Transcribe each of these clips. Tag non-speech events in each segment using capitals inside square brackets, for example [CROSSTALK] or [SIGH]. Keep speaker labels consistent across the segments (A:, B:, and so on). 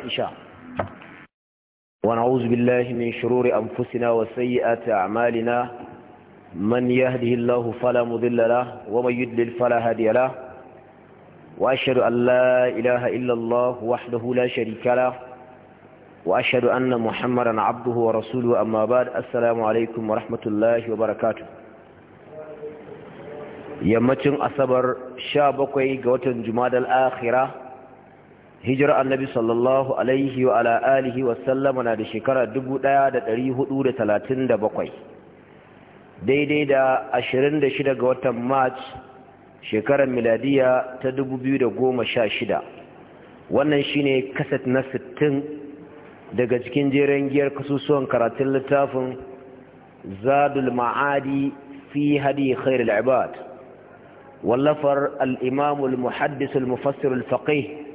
A: عائشة ونعوذ بالله من شرور أنفسنا وسيئات أعمالنا من يهده الله فلا مضل له ومن يدلل فلا هادي له وأشهد أن لا إله إلا الله وحده لا شريك له وأشهد أن محمدا عبده ورسوله أما بعد السلام عليكم ورحمة الله وبركاته yammacin asabar 17 ga watan jumadal akhira hijira annabi sallallahu alaihi wa ala alihi wa na da shekara 1437 daidai da 26 ga watan march shekarar miladiya ta 2016 wannan shine kaset na 60 daga cikin jerin giyar kasusuwan karatun littafin zadul ma'adi fi hadi khairul ibad wallafar al-imam muhaddis al-mufassir al-faqih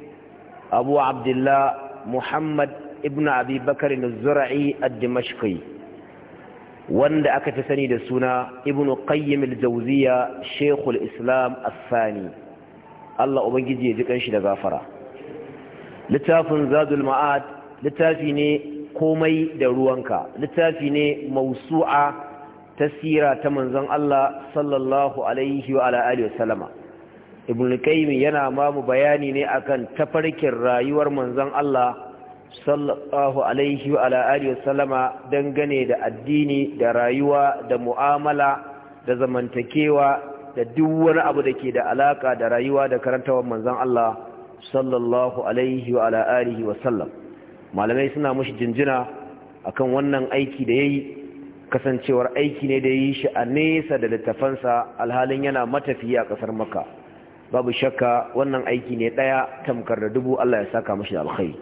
A: أبو عبد الله محمد ابن أبي بكر الزرعي الدمشقي وند أكتسني دسنا ابن قيم الجوزية شيخ الإسلام الثاني الله أبنجي ذكر شد غافرة لتاف زاد المعاد لتافني قومي دروانك لتافني موسوعة تسيرة تمنزن الله صلى الله عليه وعلى آله وسلم ibn Kaimi yana ma bayani ne akan tafarkin rayuwar manzon Allah sallallahu alaihi wa ala alihi wasallama dangane da addini da rayuwa da mu'amala da zamantakewa da duk wani abu da ke da alaka da rayuwa da karantawar manzon Allah sallallahu alaihi wa ala alihi wasallam malamai suna mushi jinjina akan wannan aiki da yayi kasancewar aiki ne da yi shi a nesa da littafansa alhalin yana matafiya a kasar makka babu shakka wannan aiki ne ɗaya tamkar da dubu Allah ya saka mashi da alkhairi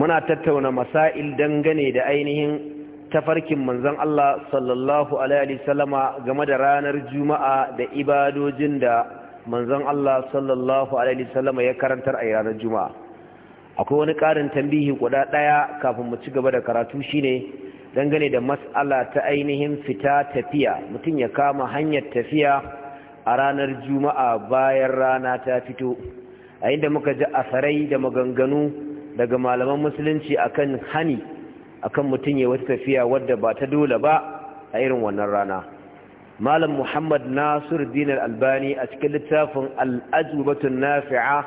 A: muna tattauna masail dangane da ainihin tafarkin manzon Allah sallallahu alaihi wasallama game da ranar juma'a da ibadojin da manzon Allah sallallahu alaihi wasallama ya karantar a ranar juma'a akwai wani ƙarin tambihi guda ɗaya kafin mu ci gaba da karatu shine dangane da mas'ala ta ainihin fita tafiya mutum ya kama hanyar tafiya a ranar juma'a bayan rana ta fito a inda muka ji asarai da maganganu daga malaman musulunci akan hani akan mutum ya wata tafiya wadda ba ta dole ba a irin wannan rana malam muhammad nasir dinar albani a cikin littafin al'ajubatun nafi'a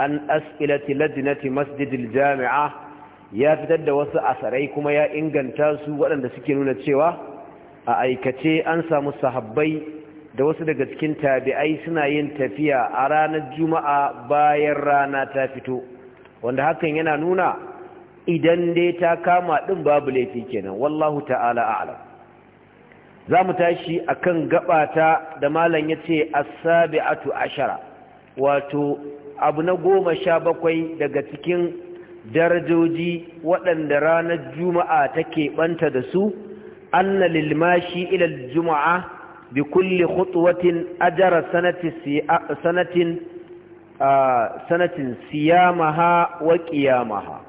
A: an as'ilati ladinati masjidil jami'a ya fitar da wasu asarai kuma ya inganta su waɗanda suke nuna cewa a aikace an samu sahabbai da wasu daga cikin tabi'ai suna yin tafiya a ranar juma'a bayan rana ta fito wanda hakan yana nuna idan dai ta kama din babu laifi kenan wallahu ta'ala a'lam za mu tashi akan gabata da malam ya ce as-sabi'atu ashara wato abu na goma sha bakwai daga cikin darajoji waɗanda ranar juma'a take ɓanta da su anna lilmashi ilal juma'a bi kulli khutwatin ajara sanatin sanatin siyamaha wa qiyamaha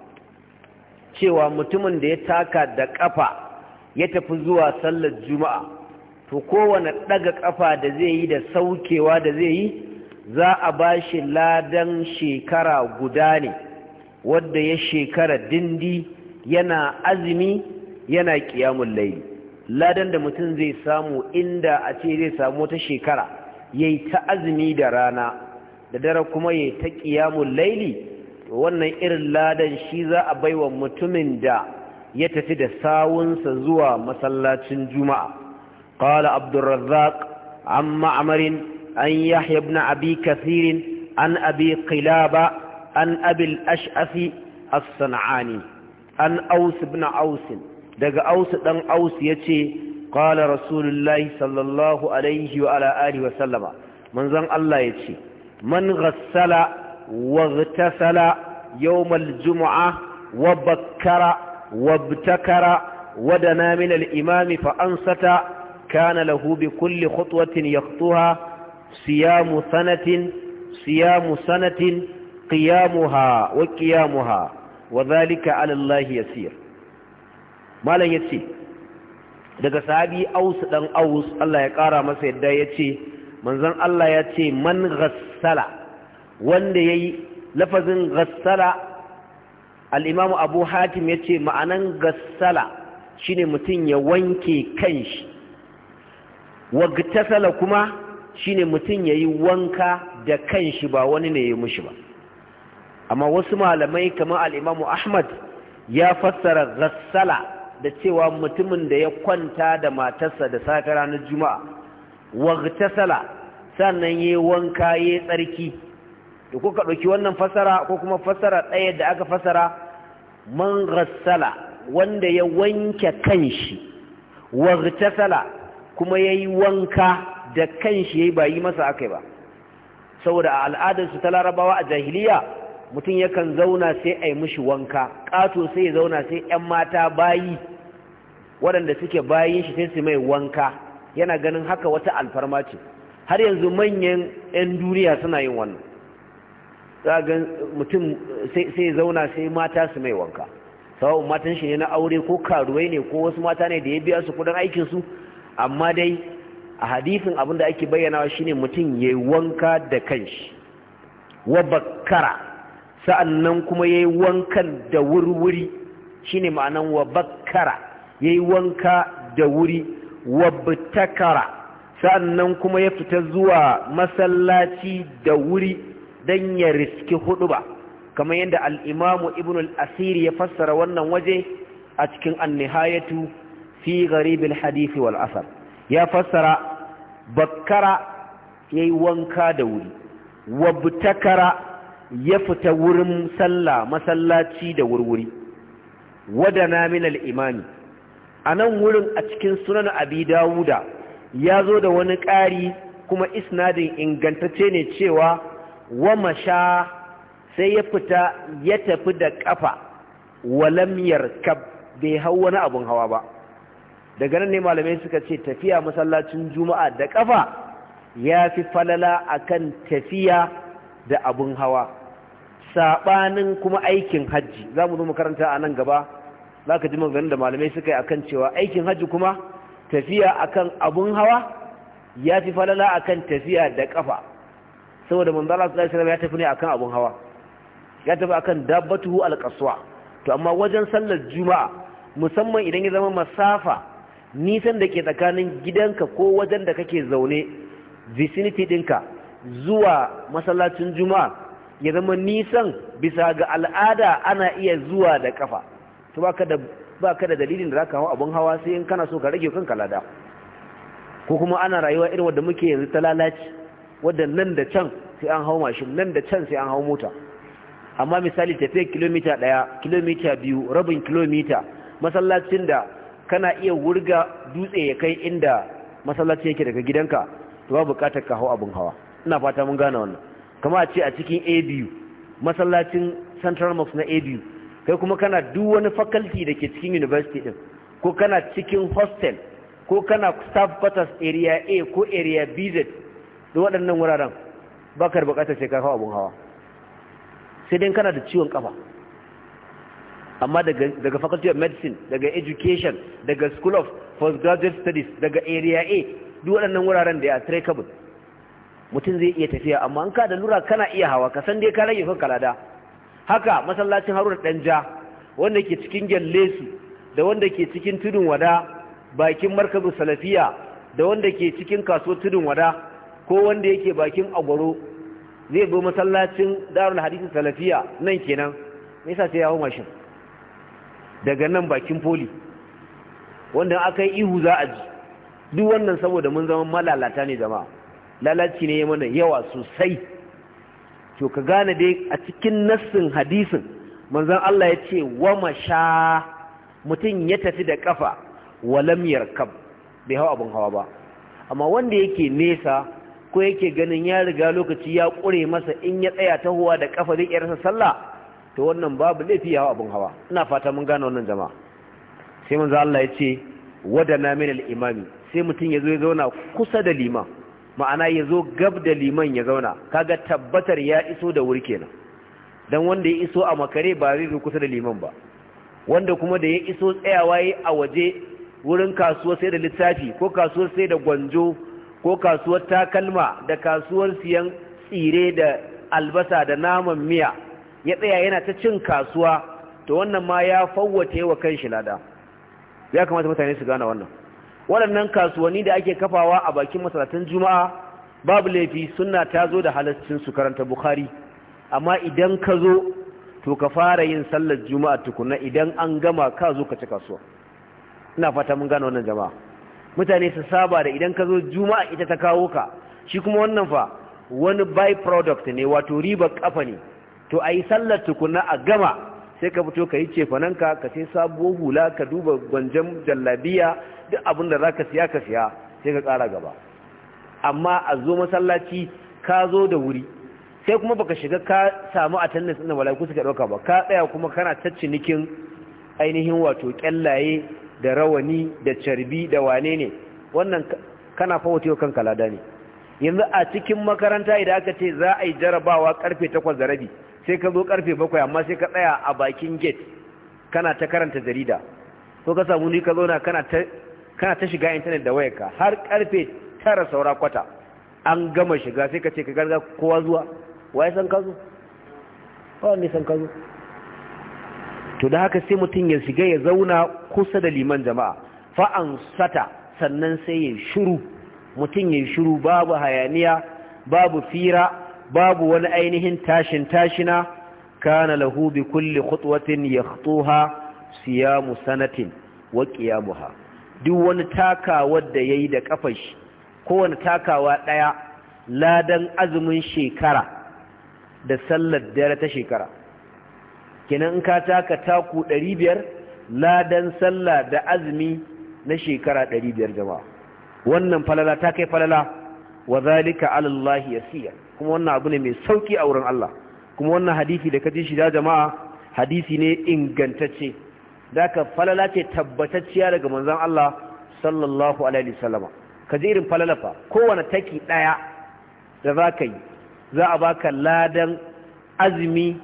A: cewa mutumin da ya taka da kafa ya tafi zuwa sallar juma'a to kowane daga kafa da zai yi da saukewa da zai yi za a bashi ladan shekara guda ne wadda ya shekara dindi yana azumi yana ƙiyamun laili ladan da mutum zai samu inda a ce zai samu wata shekara yayi ta azumi da rana da dare kuma yayi ta ƙiyamu laili wannan irin ladan shi za a baiwa mutumin da ya tafi da sawunsa zuwa masallacin juma'a qala abdurrazzaq an ma'amarin an yahya ibn abi an abi qilaba an abi al as-san'ani an aus ibn aus daga ausu ɗan ausu ya ce ƙwala rasulullahi sallallahu alaihi wa ala'ari wa sallama manzan Allah ya ce man ghassala wa gtasala yau juma'a wa bakkara wa btakara wa dana min al-imam kana lahubi kulli khutwatin yaqtuha siyamu sanatin siyamu sanatin qiyamuha wa qiyamuha wa yasir malam ya ce daga sahabi aus ɗan aus Allah ya ƙara masa yadda ya ce manzon Allah ya ce man ghassala wanda yayi lafazin ghassala al-imam abu hatim ya ce ma'anan ghassala shine mutum ya wanke kanshi wagtasala kuma shine mutum yayi wanka da kanshi ba wani ne ya mushi ba amma wasu malamai kamar al ahmad ya fassara ghassala da cewa mutumin da ya kwanta da matarsa da safe ranar juma'a waghtasala sannan yi wanka yi tsarki da ko ka wannan fasara ko kuma fasara ɗaya da aka fasara man wanda ya wanke kanshi waghtasala kuma ya yi wanka da kanshi yayi ba yi masa akai ba saboda a al'adarsu ta larabawa a jahiliya mutum yakan zauna sai a yi mishi wanka ƙato sai ya zauna sai 'yan mata bayi waɗanda suke bayin shi sai su mai wanka yana ganin haka wata alfarma ce har yanzu manyan 'yan duniya suna yin wannan za ga mutum sai zauna sai mata su mai wanka sawa'un matan shi ne na aure ko karuwai ne ko wasu mata ne da ya biya su kudin aikinsu amma dai a hadifin abin da ake bayyanawa shine mutum ya yi wanka da kanshi wa bakkara sa'annan kuma ya yi wankan da wurwuri shine ma'anan wa bakkara yayi wanka da wuri wabtakara sannan kuma ya fita zuwa masallaci da wuri dan ya riski huduba kamar yadda al Ibn al ya fassara wannan waje a cikin annihayatu fi gharib al-hadith wal asar ya fassara bakkara yayi wanka da wuri wabtakara ya fita wurin sallah masallaci da wurwuri wadana min al-imami a nan wurin a cikin sunan abi dawuda ya zo da wani ƙari kuma isnadin ingantacce ne cewa wa masha sai ya fita ya tafi da ƙafa walam yarkab bai hau wani abun hawa ba daga nan ne malamai suka ce tafiya masallacin juma'a da ƙafa ya fi falala akan tafiya da abun hawa saɓanin kuma aikin hajji za mu zo makaranta a nan gaba za ka ji maganin da malamai suka yi akan cewa aikin hajji kuma tafiya akan abun hawa ya fi falala akan tafiya da kafa saboda manzala su ɗaya ya tafi ne akan abun hawa ya tafi akan dabbatuhu alƙaswa to amma wajen sallar juma'a musamman idan ya zama masafa nisan da ke tsakanin gidanka ko wajen da kake zaune vicinity ɗinka zuwa masallacin juma'a ya zama nisan bisa ga al'ada ana iya zuwa da kafa to ba ka da dalilin da za ka hau abin hawa sai in kana so ka rage kanka lada ko kuma ana rayuwa irin wanda muke yanzu ta lalaci wadda nan da can sai an hau mashin nan da can sai an hau mota amma misali tafiyar kilomita ɗaya kilomita biyu rabin kilomita masallacin da kana iya wurga dutse ya kai inda masallaci yake daga gidanka to ba buƙatar ka hau abin hawa ina fata mun gane wannan Kamar a ce a cikin abu masallacin central mosque na abu kai kuma kana duk wani faculty da ke cikin university din ko kana cikin hostel ko kana staff quarters area A ko area BZ da waɗannan wuraren ba ka bukatar sai ka hawa abun hawa sai dai kana da ciwon kafa amma daga faculty of medicine daga education daga school of postgraduate studies daga area A duk waɗannan wuraren da ya trackable mutum zai iya tafiya amma an ka da lura kana iya hawa ka san dai ka rage kan kalada haka masallacin haruna Danja, wanda ke cikin gyallesu da wanda ke cikin tudun wada bakin markabin salafiya da wanda ke cikin kaso tudun wada ko wanda yake bakin agwaro zai bi masallacin darul hadisin salafiya nan kenan me yasa sai ya hau mashin daga nan bakin poli wanda aka yi ihu za a ji duk wannan saboda mun zama malalata ne jama'a lalaci ne ya mana yawa sosai to ka gane dai a cikin nassin hadisin manzon Allah ya ce wa masha mutum ya tafi da kafa walam yarkab bai hau abin hawa ba amma wanda yake nesa ko yake ganin ya riga lokaci ya kure masa in ya tsaya ta tahowa da ƙafa zai yarsa sallah to wannan babu laifi ya hawa abin hawa ina fata mun gane wannan jama'a sai manzo Allah ya ce wadana min al-imami sai mutum ya zo ya zauna kusa da liman ma'ana ya zo gab da liman ya zauna kaga tabbatar ya iso da wuri kenan dan wanda ya iso a makare ba zai zo kusa da liman ba wanda kuma da ya iso tsayawa yi a waje wurin kasuwar sai da littafi ko kasuwar sai da gwanjo ko kasuwar takalma da kasuwar siyan tsire da albasa da naman miya ya tsaya yana ta cin kasuwa to wannan ma ya fawwace wa kan shi lada ya kamata mutane su gane wannan waɗannan kasuwanni da ake kafawa a bakin masalatan juma'a babu laifi suna ta zo da halascin su karanta bukari. amma idan ka zo to ka fara yin sallar juma'a tukuna idan an gama ka zo ka ci kasuwa ina fata mun gane wannan jama'a mutane su saba da idan ka zo juma'a ita ta kawo ka shi kuma wannan fa wani by product ne wato riba kafa ne to a yi sallar tukuna a gama sai ka fito ka yi cefananka ka sai sabuwar hula ka duba gwanjan jallabiya duk abin da za ka siya ka siya sai ka ƙara gaba amma a zo masallaci ka zo da wuri sai kuma baka shiga ka samu attendance din da malaiku suka dauka ba ka tsaya kuma kana ta cinikin ainihin wato kyallaye da rawani da carbi da wane ne wannan kana fa wato kanka lada ne yanzu a cikin makaranta idan aka ce za a yi jarabawa karfe 8 da rabi sai ka zo karfe 7 amma sai ka tsaya a bakin gate kana ta karanta jarida ko ka samu ni ka zo na kana ta kana ta shiga intanet da wayarka har karfe tara saura kwata an gama shiga sai ka ce ka garga kowa zuwa waye san ka zo kowa ne san ka zo to da haka sai mutum ya shiga ya zauna kusa da liman jama'a fa'an sata sannan sai ya shiru mutum ya shiru babu hayaniya babu fira babu wani ainihin tashin tashina kana lahu bi kulli khutwatin yakhtuha siyamu sanatin wa qiyamuha duk wani takawa da ya yi da ƙafar shi kowane takawa ɗaya ladan azumin shekara da sallar dare ta shekara kenan in ka taka taku ɗari ladan sallah da azumi na shekara ɗari biyar jama'a wannan falala ta kai falala wa zalika alallahi yasiya kuma wannan abu ne mai sauki a wurin Allah kuma wannan hadisi da kaji shi da jama'a hadisi ne ingantacce daga ka falala ce tabbatacciya daga manzon Allah sallallahu alaihi wasallama ka ji irin falalafa kowane taki ɗaya da za ka yi za a baka ladan azumi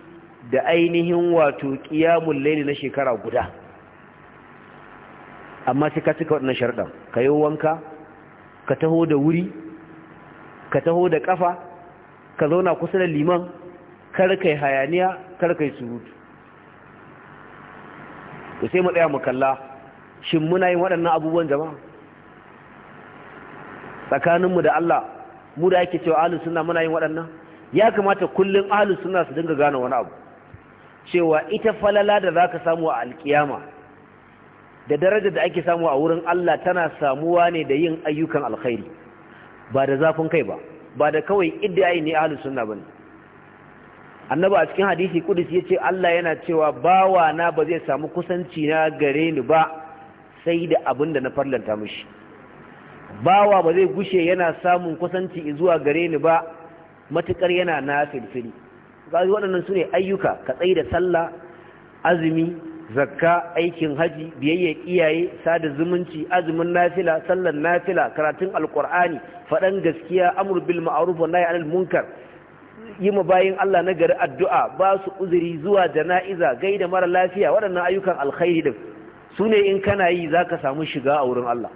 A: da ainihin wato ƙiyamun laili na shekara guda amma sai ka cika waɗannan sharɗan ka yi wanka ka taho da wuri ka taho da ƙafa ka zauna kusa da liman kar yi hayaniya kar yi surutu to sai mu tsaya mu kalla shin muna yin waɗannan abubuwan jama'a tsakaninmu da Allah mu da ake cewa ahlus sunna muna yin waɗannan ya kamata kullum ahlus sunna su dinga gane wani abu cewa ita falala da zaka samu a alkiyama da darajar da ake samu a wurin Allah tana samuwa ne da yin ayyukan alkhairi ba da zafin kai ba ba da kawai idda ne ahlus sunna bane Annaba a cikin hadisi kudus ce Allah yana cewa bawa na ba zai samu kusanci na gare ni ba sai da abin da na farlanta mushi bawa ba zai gushe yana samun kusanci zuwa gare ni ba matukar yana na filfili ga waɗannan su ne ayyuka ka tsaye da sallah azumi zakka aikin haji biyayyar iyaye sada zumunci azumin nafila sallar nafila karatun Alƙur'ani, faɗan gaskiya amru bil ma'ruf wa nahy anil munkar yi ma bayin Allah na gari addu'a ba su uzuri zuwa jana'iza gaida mara lafiya waɗannan ayyukan alkhairi din su ne in kana yi za ka samu shiga a wurin Allah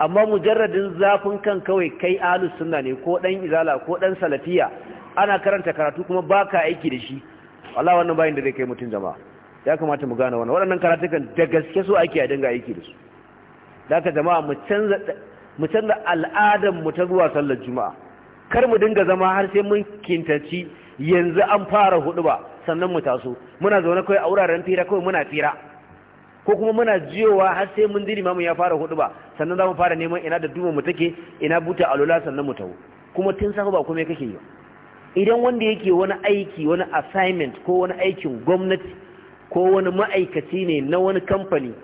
A: amma mujarradin zafin kan kawai kai Alus suna ne ko ɗan izala ko ɗan salafiya ana karanta karatu kuma ba ka aiki da shi Allah wannan bayin da zai kai mutum jama'a ya kamata mu gane wannan waɗannan karatukan da gaske su ake a dinga aiki da su da ka jama'a mu canza al'adar mu ta zuwa sallar juma'a kar mu dinga zama har sai mun kintaci yanzu an fara hudu ba sannan mu taso muna zaune kawai a wuraren fira kawai muna fira ko kuma muna jiyowa har sai mun ji mamu ya fara hudu ba sannan za mu fara neman ina da dubo mu take ina buta alula sannan mu taho kuma tun safa ba kuma kake yi idan wanda yake wani aiki wani assignment ko wani aikin gwamnati ko wani ma'aikaci ne na wani kamfani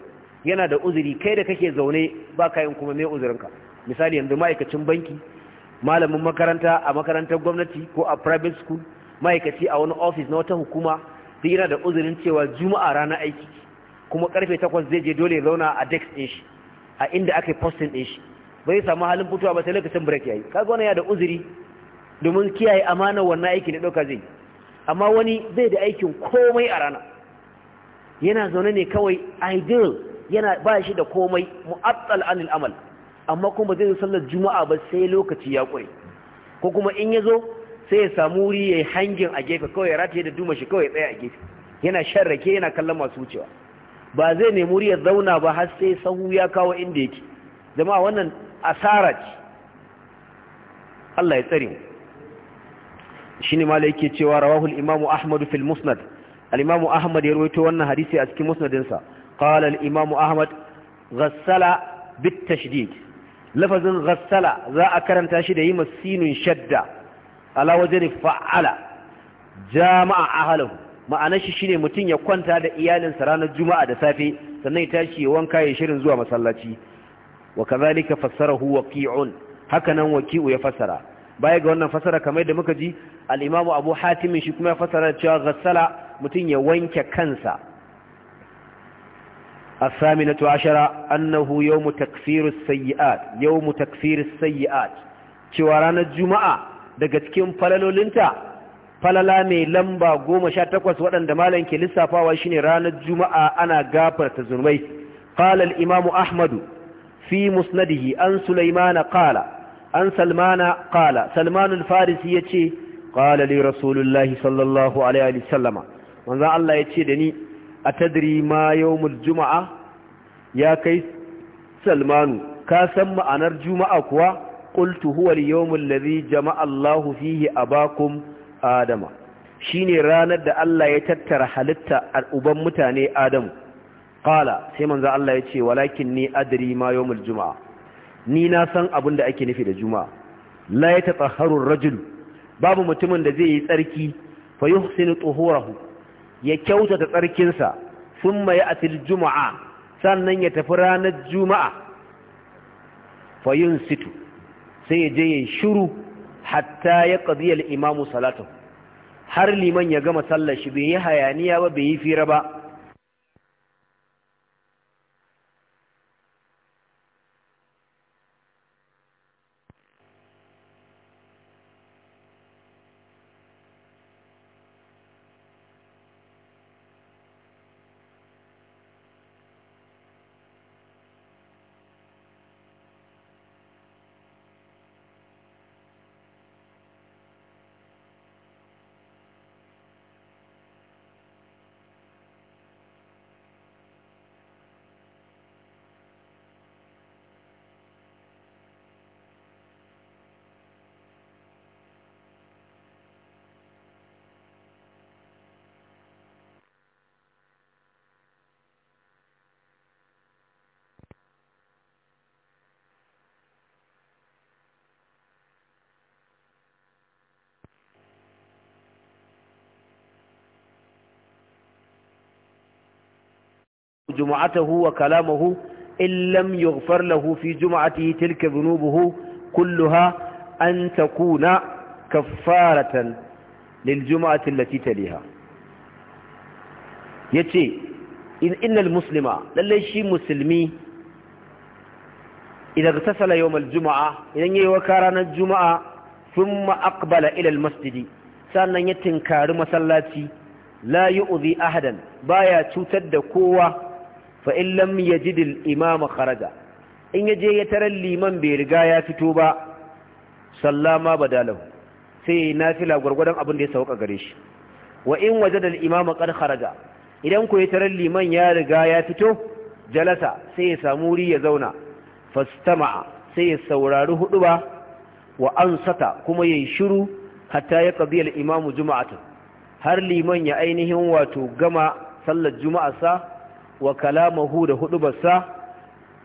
A: yana da uzuri kai da kake zaune ba kayan kuma mai uzurinka misali yanzu ma'aikacin banki malamin makaranta a makarantar gwamnati ko a private school ma'aikaci a wani ofis na wata hukuma da yana da uzurin cewa juma'a rana aiki kuma karfe takwas zai je dole zauna a dex din shi a inda aka yi posting din shi bai samu halin fitowa ba sai lokacin break yayi kaga wannan ya da uzuri domin kiyaye amana wannan aiki da ɗauka zai amma wani zai da aikin komai a rana yana zaune ne kawai ideal yana ba shi da komai mu'attal anil amal amma kuma ba zai zo sallar juma'a ba sai lokaci ya kwai ko kuma in ya zo sai ya samu wuri ya yi hangin a gefe kawai ya rataye da duma shi kawai ya tsaya a gefe yana shan rake yana kallon masu wucewa ba zai nemi wuri ya zauna ba har sai sahu ya kawo inda yake jama'a wannan asara ce Allah ya tsare mu shine malai yake cewa rawahu al-imamu Ahmad fil musnad al-imamu Ahmad ya rawaito wannan hadisi a cikin musnadinsa qala al-imamu Ahmad ghassala bit tashdid lafazin ghassala za a karanta shi da yi masinun shadda ala wajen fa'ala jama'a halahu ma'anar shi shine mutum ya kwanta da iyalinsa ranar juma'a da safe sannan ya tashi ya wanka ya shirin zuwa masallaci wa kazalika fassarahu waqi'un hakanan waqi'u ya fassara baya ga wannan fassara kamar da muka ji al-imamu abu hatimin shi kuma ya fassara cewa ghassala mutum ya wanke kansa الثامنة عشرة أنه يوم تكفير السيئات يوم تكفير السيئات شوارانا الجمعة دقت كم فللو لنتا فللا مي لمبا قوم شاتكوس ودن دمالين كي لسا فاوشيني رانا الجمعة أنا قابر تزنوي قال الإمام أحمد في مسنده أن سليمان قال أن سلمان قال سلمان الفارسي يتي قال لي رسول الله صلى الله عليه وسلم وانذا الله يتي دني a tadiri ma yawmul juma'a ya kai salmanu ka san ma'anar juma'a kuwa qultu huwa al-yawmul ladhi jama'a Allahu a abakum adama shine ranar da Allah ya tattara halitta al'uban mutane adamu Ƙala, sai manzo Allah ya ce walakin ni adri ma yawon juma'a ni na san abin da ake nufi da juma'a la yatahharu ar-rajul babu mutumin da zai yi tsarki fa yuhsinu tuhurahu ya kyautata tsarkinsa sun maye a juma'a sannan ya tafi ranar juma'a fayin situ sai ya je ya shuru hatta ya ƙaziyar imamu salatu har liman ya gama sallar shi bai yi hayaniya ba bai yi fira ba جمعته وكلامه إن لم يغفر له في جمعته تلك ذنوبه كلها أن تكون كفارة للجمعة التي تليها يتي إن, إن المسلم لليشي مسلمي إذا اغتسل يوم الجمعة إذن يوكارنا الجمعة ثم أقبل إلى المسجد سألنا يتنكار مسلاتي لا يؤذي أحدا بايا تتد قوة fa in lam yajid al-imama kharaja in je ya tarar liman bai riga ya fito ba sallama badalahu sai nafila gwargwadon abin da ya sauka gare shi wa in waje da imama qad kharaja idan ku ya tarar liman ya riga ya fito jalasa sai ya samu wuri ya zauna fastama'a sai ya saurari ba, wa ansata kuma yayi shiru hatta ya qadi al-imamu juma'atan har liman ya ainihin wato gama sallar juma'arsa wa kalamahu da hudubarsa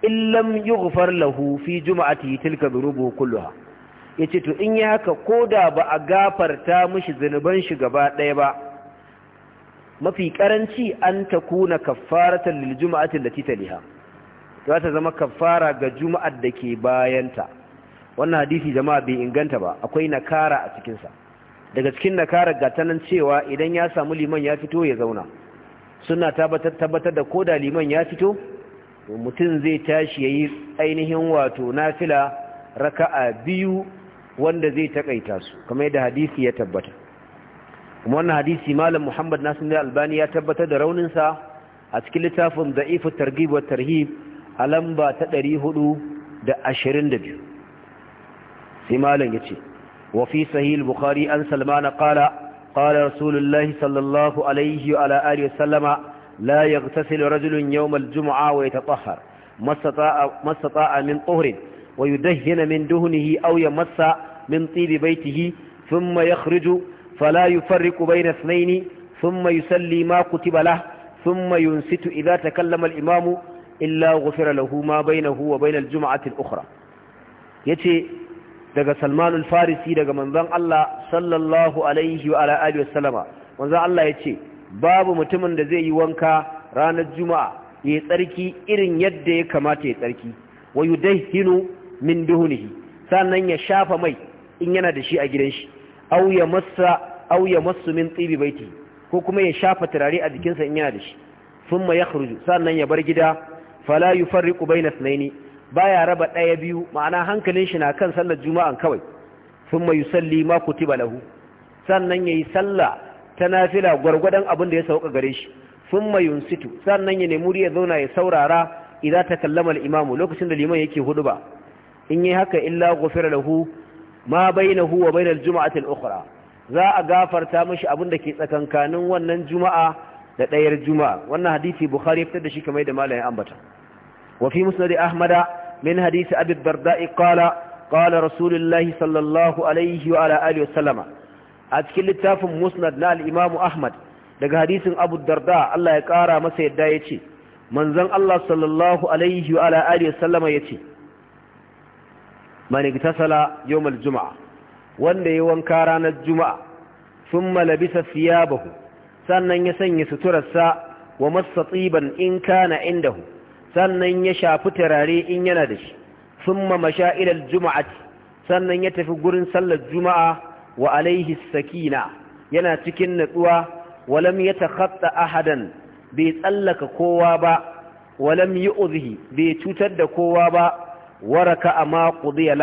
A: illam yughfar lahu fi juma'ati tilka dhunubuhu kulluha yace to in yaka ko koda ba a gafarta mishi zanuban shi gaba ɗaya ba mafi karanci an takuna kaffaratan lil juma'ati allati taliha za ta zama kaffara ga juma'ar da ke bayanta wannan hadisi jama'a bai inganta ba akwai nakara a cikinsa daga cikin nakara ga tanan cewa idan ya samu liman ya fito ya zauna suna tabbatar da ko da liman ya fito mutum zai tashi ya yi ainihin wato nafila raka'a biyu wanda zai takaita su kamar yadda hadisi ya tabbata kuma wannan hadisi malam muhammad nasir albani ya tabbatar da rauninsa a cikin littafin da'ifu targhib wa tarhib a lamba ta 422 sai malam yace wa fi sahih al-bukhari an salmana qala قال رسول الله صلى الله عليه وعلى آله وسلم لا يغتسل رجل يوم الجمعة ويتطهر ما استطاع, ما استطاع من طهر ويدهن من دهنه أو يمس من طيب بيته ثم يخرج فلا يفرق بين اثنين ثم يسلي ما كتب له ثم ينست إذا تكلم الإمام إلا غفر له ما بينه وبين الجمعة الأخرى يتي daga Salman al-Farisi daga manzon Allah sallallahu alaihi wa alihi wasallama manzon Allah yace babu mutumin da zai yi wanka ranar juma'a ya tsarki irin yadda ya kamata ya tsarki wa yudahhinu min duhunihi sannan ya shafa mai in yana da shi a gidan shi aw ya massa aw ya massu min tibi baiti ko kuma ya shafa turare a jikinsa in yana da shi thumma yakhruju sannan ya bar gida fala yufarriqu bayna ithnaini baya raba ɗaya biyu ma'ana hankalin shi na kan sallar juma'an kawai sun mai salli ma kutiba lahu sannan yayi sallah ta nafila gwargwadon abin da ya sauka gare shi sun mai yunsitu sannan ya nemi ya zauna ya saurara idan ta kallama al-imamu lokacin da liman yake ba. in yi haka illa ghufira lahu ma bainahu wa bainal juma'ati al-ukhra za a gafarta mashi abin da ke tsakankanin wannan juma'a da ɗayar juma'a wannan hadisi bukhari ya fitar da shi kamar da malamin ambata وفي مسند أحمد من حديث أبي الدرداء قال قال رسول الله صلى الله عليه وعلى آله وسلم أتكي لتاف مسند لا الإمام أحمد daga hadisin Abu Darda Allah ya ƙara masa yadda ya ce, manzon Allah sallallahu alaihi wa ala alihi sallama yace man igtasala juma'a wanda yayi wanka ranar juma'a bisa siya bahu, sannan ya sanya suturarsa wa massa tsiban in kana indahu sannan ya shafi turare in yana da shi thumma masha'ilal juma'ati sannan ya tafi gurin sallar juma'a wa alaihi sakina yana cikin natsuwa walam yatakhatta ahadan bai tsallaka kowa ba walam yu'dhihi bai cutar da kowa ba waraka ama qudiya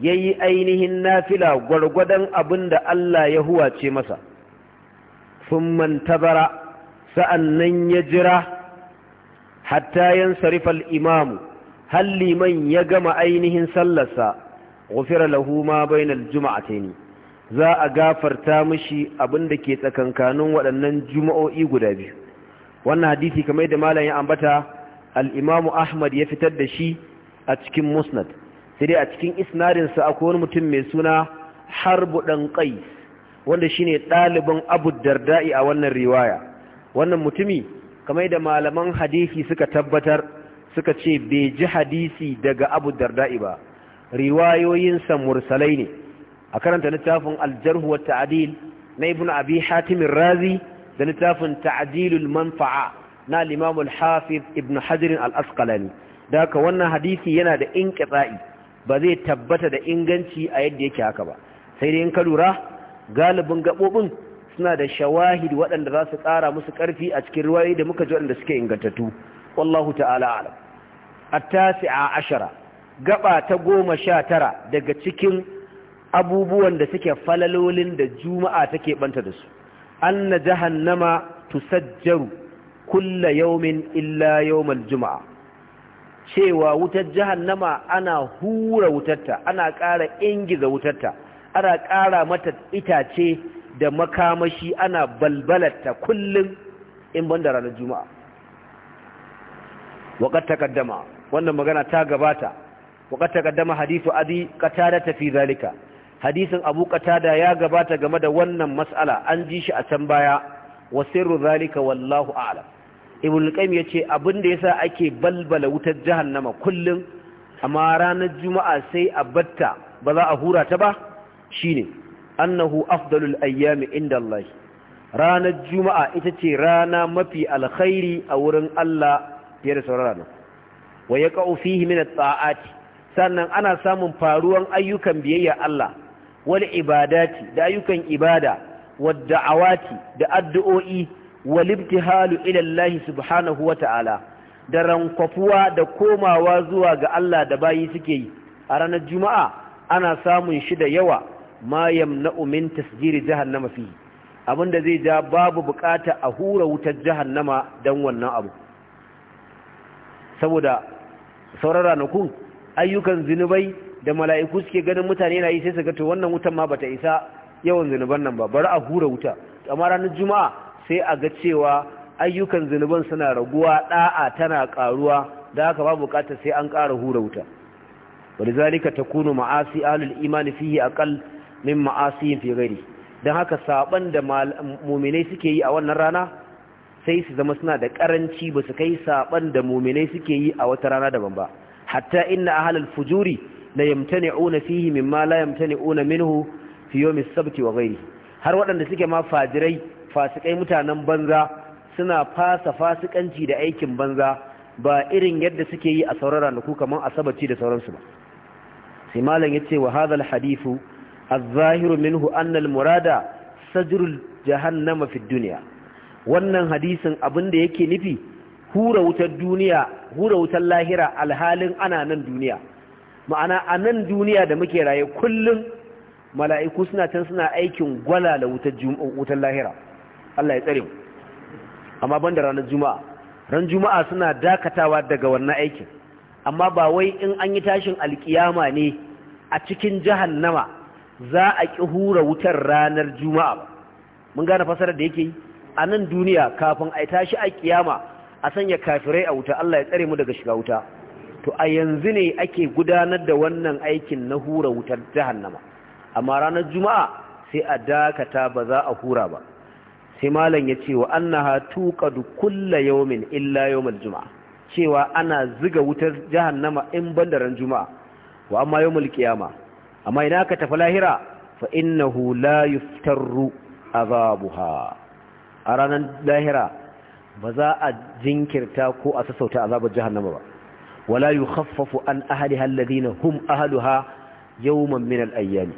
A: Ya yayi ainihin nafila gwargwadon abinda Allah ya huwace masa thumma tabara sa'annan ya jira hatta yansarif al imamu hal ya gama ainihin sallarsa ghufira lahu ma bainal juma'atayn za a gafarta mishi abinda ke tsakankanin waɗannan juma'o'i guda biyu wannan hadisi kamar da malam ya ambata al ahmad ya fitar da shi a cikin musnad sai dai a cikin isnadinsa akwai wani mutum mai suna harbu ɗan qais wanda shine ɗaliban abu darda'i a wannan riwaya wannan mutumi kamar da malaman hadisi suka tabbatar suka ce bai ji hadisi daga abu darda'i ba riwayoyinsa mursalai ne a karanta littafin aljarhu wa ta'adil na ibn abi hatimin razi da littafin ta'adilul manfa'a na limamul hafiz ibn hajirin al'askalani da haka wannan hadisi yana da in ba zai tabbata da inganci a yadda yake haka ba sai dai in ka lura galibin gaɓoɓin suna da shawahid waɗanda za su ƙara musu ƙarfi a cikin ruwayi da muka ji waɗanda suke ingantattu wallahu ta'ala alam at-tasi'a ashara gaba ta goma sha tara daga cikin abubuwan da suke falalolin da juma'a take banta da su anna jahannama tusajjaru kulla yawmin illa yawmal juma'a cewa wutar jahannama ana hura wutarta ana ƙara ingiza wutarta ana ƙara mata itace da makamashi ana balbalata kullum in banda ranar juma'a waƙar takaddama wannan magana ta gabata waƙar takaddama hadisu abi ƙata ta tafi zalika hadisin abu da ya gabata game da wannan matsala. an ji shi a can baya wa sirru zalika wallahu a'lam ibn qayyim ce abin da yasa ake balbala wutar jahannama kullum amma ranar juma'a sai a batta ba za a hura ta ba shine annahu afdalul ayyami inda Allah ranar juma'a ita ce rana mafi alkhairi a wurin Allah fiye da sauran ranar wa ya ƙa'u fihi min sannan ana samun faruwan ayyukan biyayya Allah wal ibadati da ayyukan ibada wa da'awati da addu'o'i wal ibtihalu ila Allah subhanahu wa ta'ala da rankwafuwa da komawa zuwa ga Allah da bayi suke yi a ranar juma'a ana samun shi da yawa ma yamna'u min tasjiri jahannama fi abinda zai ja babu bukata a hura wutar jahannama dan wannan abu saboda sauran ranakun ayyukan zinubai da mala'iku suke ganin mutane na yi sai su ga to wannan wutan ma bata isa yawan zinuban nan ba bari a hura wuta amma ranar juma'a sai a ga cewa ayyukan zinuban suna raguwa da'a tana karuwa da haka babu bukata sai an ƙara hura wuta ta takunu ma'asi ahlul imani fihi aqal min ma'asiyin fi gari don haka saban da muminai suke yi a wannan rana sai su zama suna da karanci ba su kai saban da muminai suke yi a wata rana daban ba hatta inna ahlal fujuri la yamtani'una fihi mimma la yamtani'una minhu fi yawmis sabti wa gari har waɗanda suke ma fajirai fasikai mutanen banza suna fasa fasikanci da aikin banza ba irin yadda suke yi a sauran ranaku kamar asabaci da sauransu ba sai malam yace wa hadha al hadithu الظاهر منه أن المراد سجر جهنم في الدنيا wannan hadisin abin da yake nufi hura wutar duniya hura wutar lahira alhalin ana nan duniya ma'ana a nan duniya da muke raye kullum mala'iku suna can suna aikin da wutar lahira Allah ya tsare mu amma ban da ranar juma'a ran juma'a suna dakatawa daga wannan aikin amma ba wai in an yi tashin alkiyama ne a cikin jahannama za a ƙi hura wutar ranar juma'a ba mun gane fasarar da yake yi a nan duniya kafin a tashi a kiyama a sanya kafirai a wuta Allah ya tsare mu daga shiga wuta to a yanzu ne ake gudanar da wannan aikin na hura wutar jahannama amma ranar juma'a sai a dakata ba za a hura ba sai malam ya ce wa annaha tuqadu kulla yawmin illa yawmal juma'a cewa ana ziga wutar jahannama in ban da ran juma'a wa amma yawmal qiyama amma ina aka tafi lahira fa innahu la yuftarru azabuha a ranar lahira ba za a jinkirta ko a sassauta azabar jahannama ba wala yukhaffafu an ahliha alladhina hum ahluha yawman min al-ayyam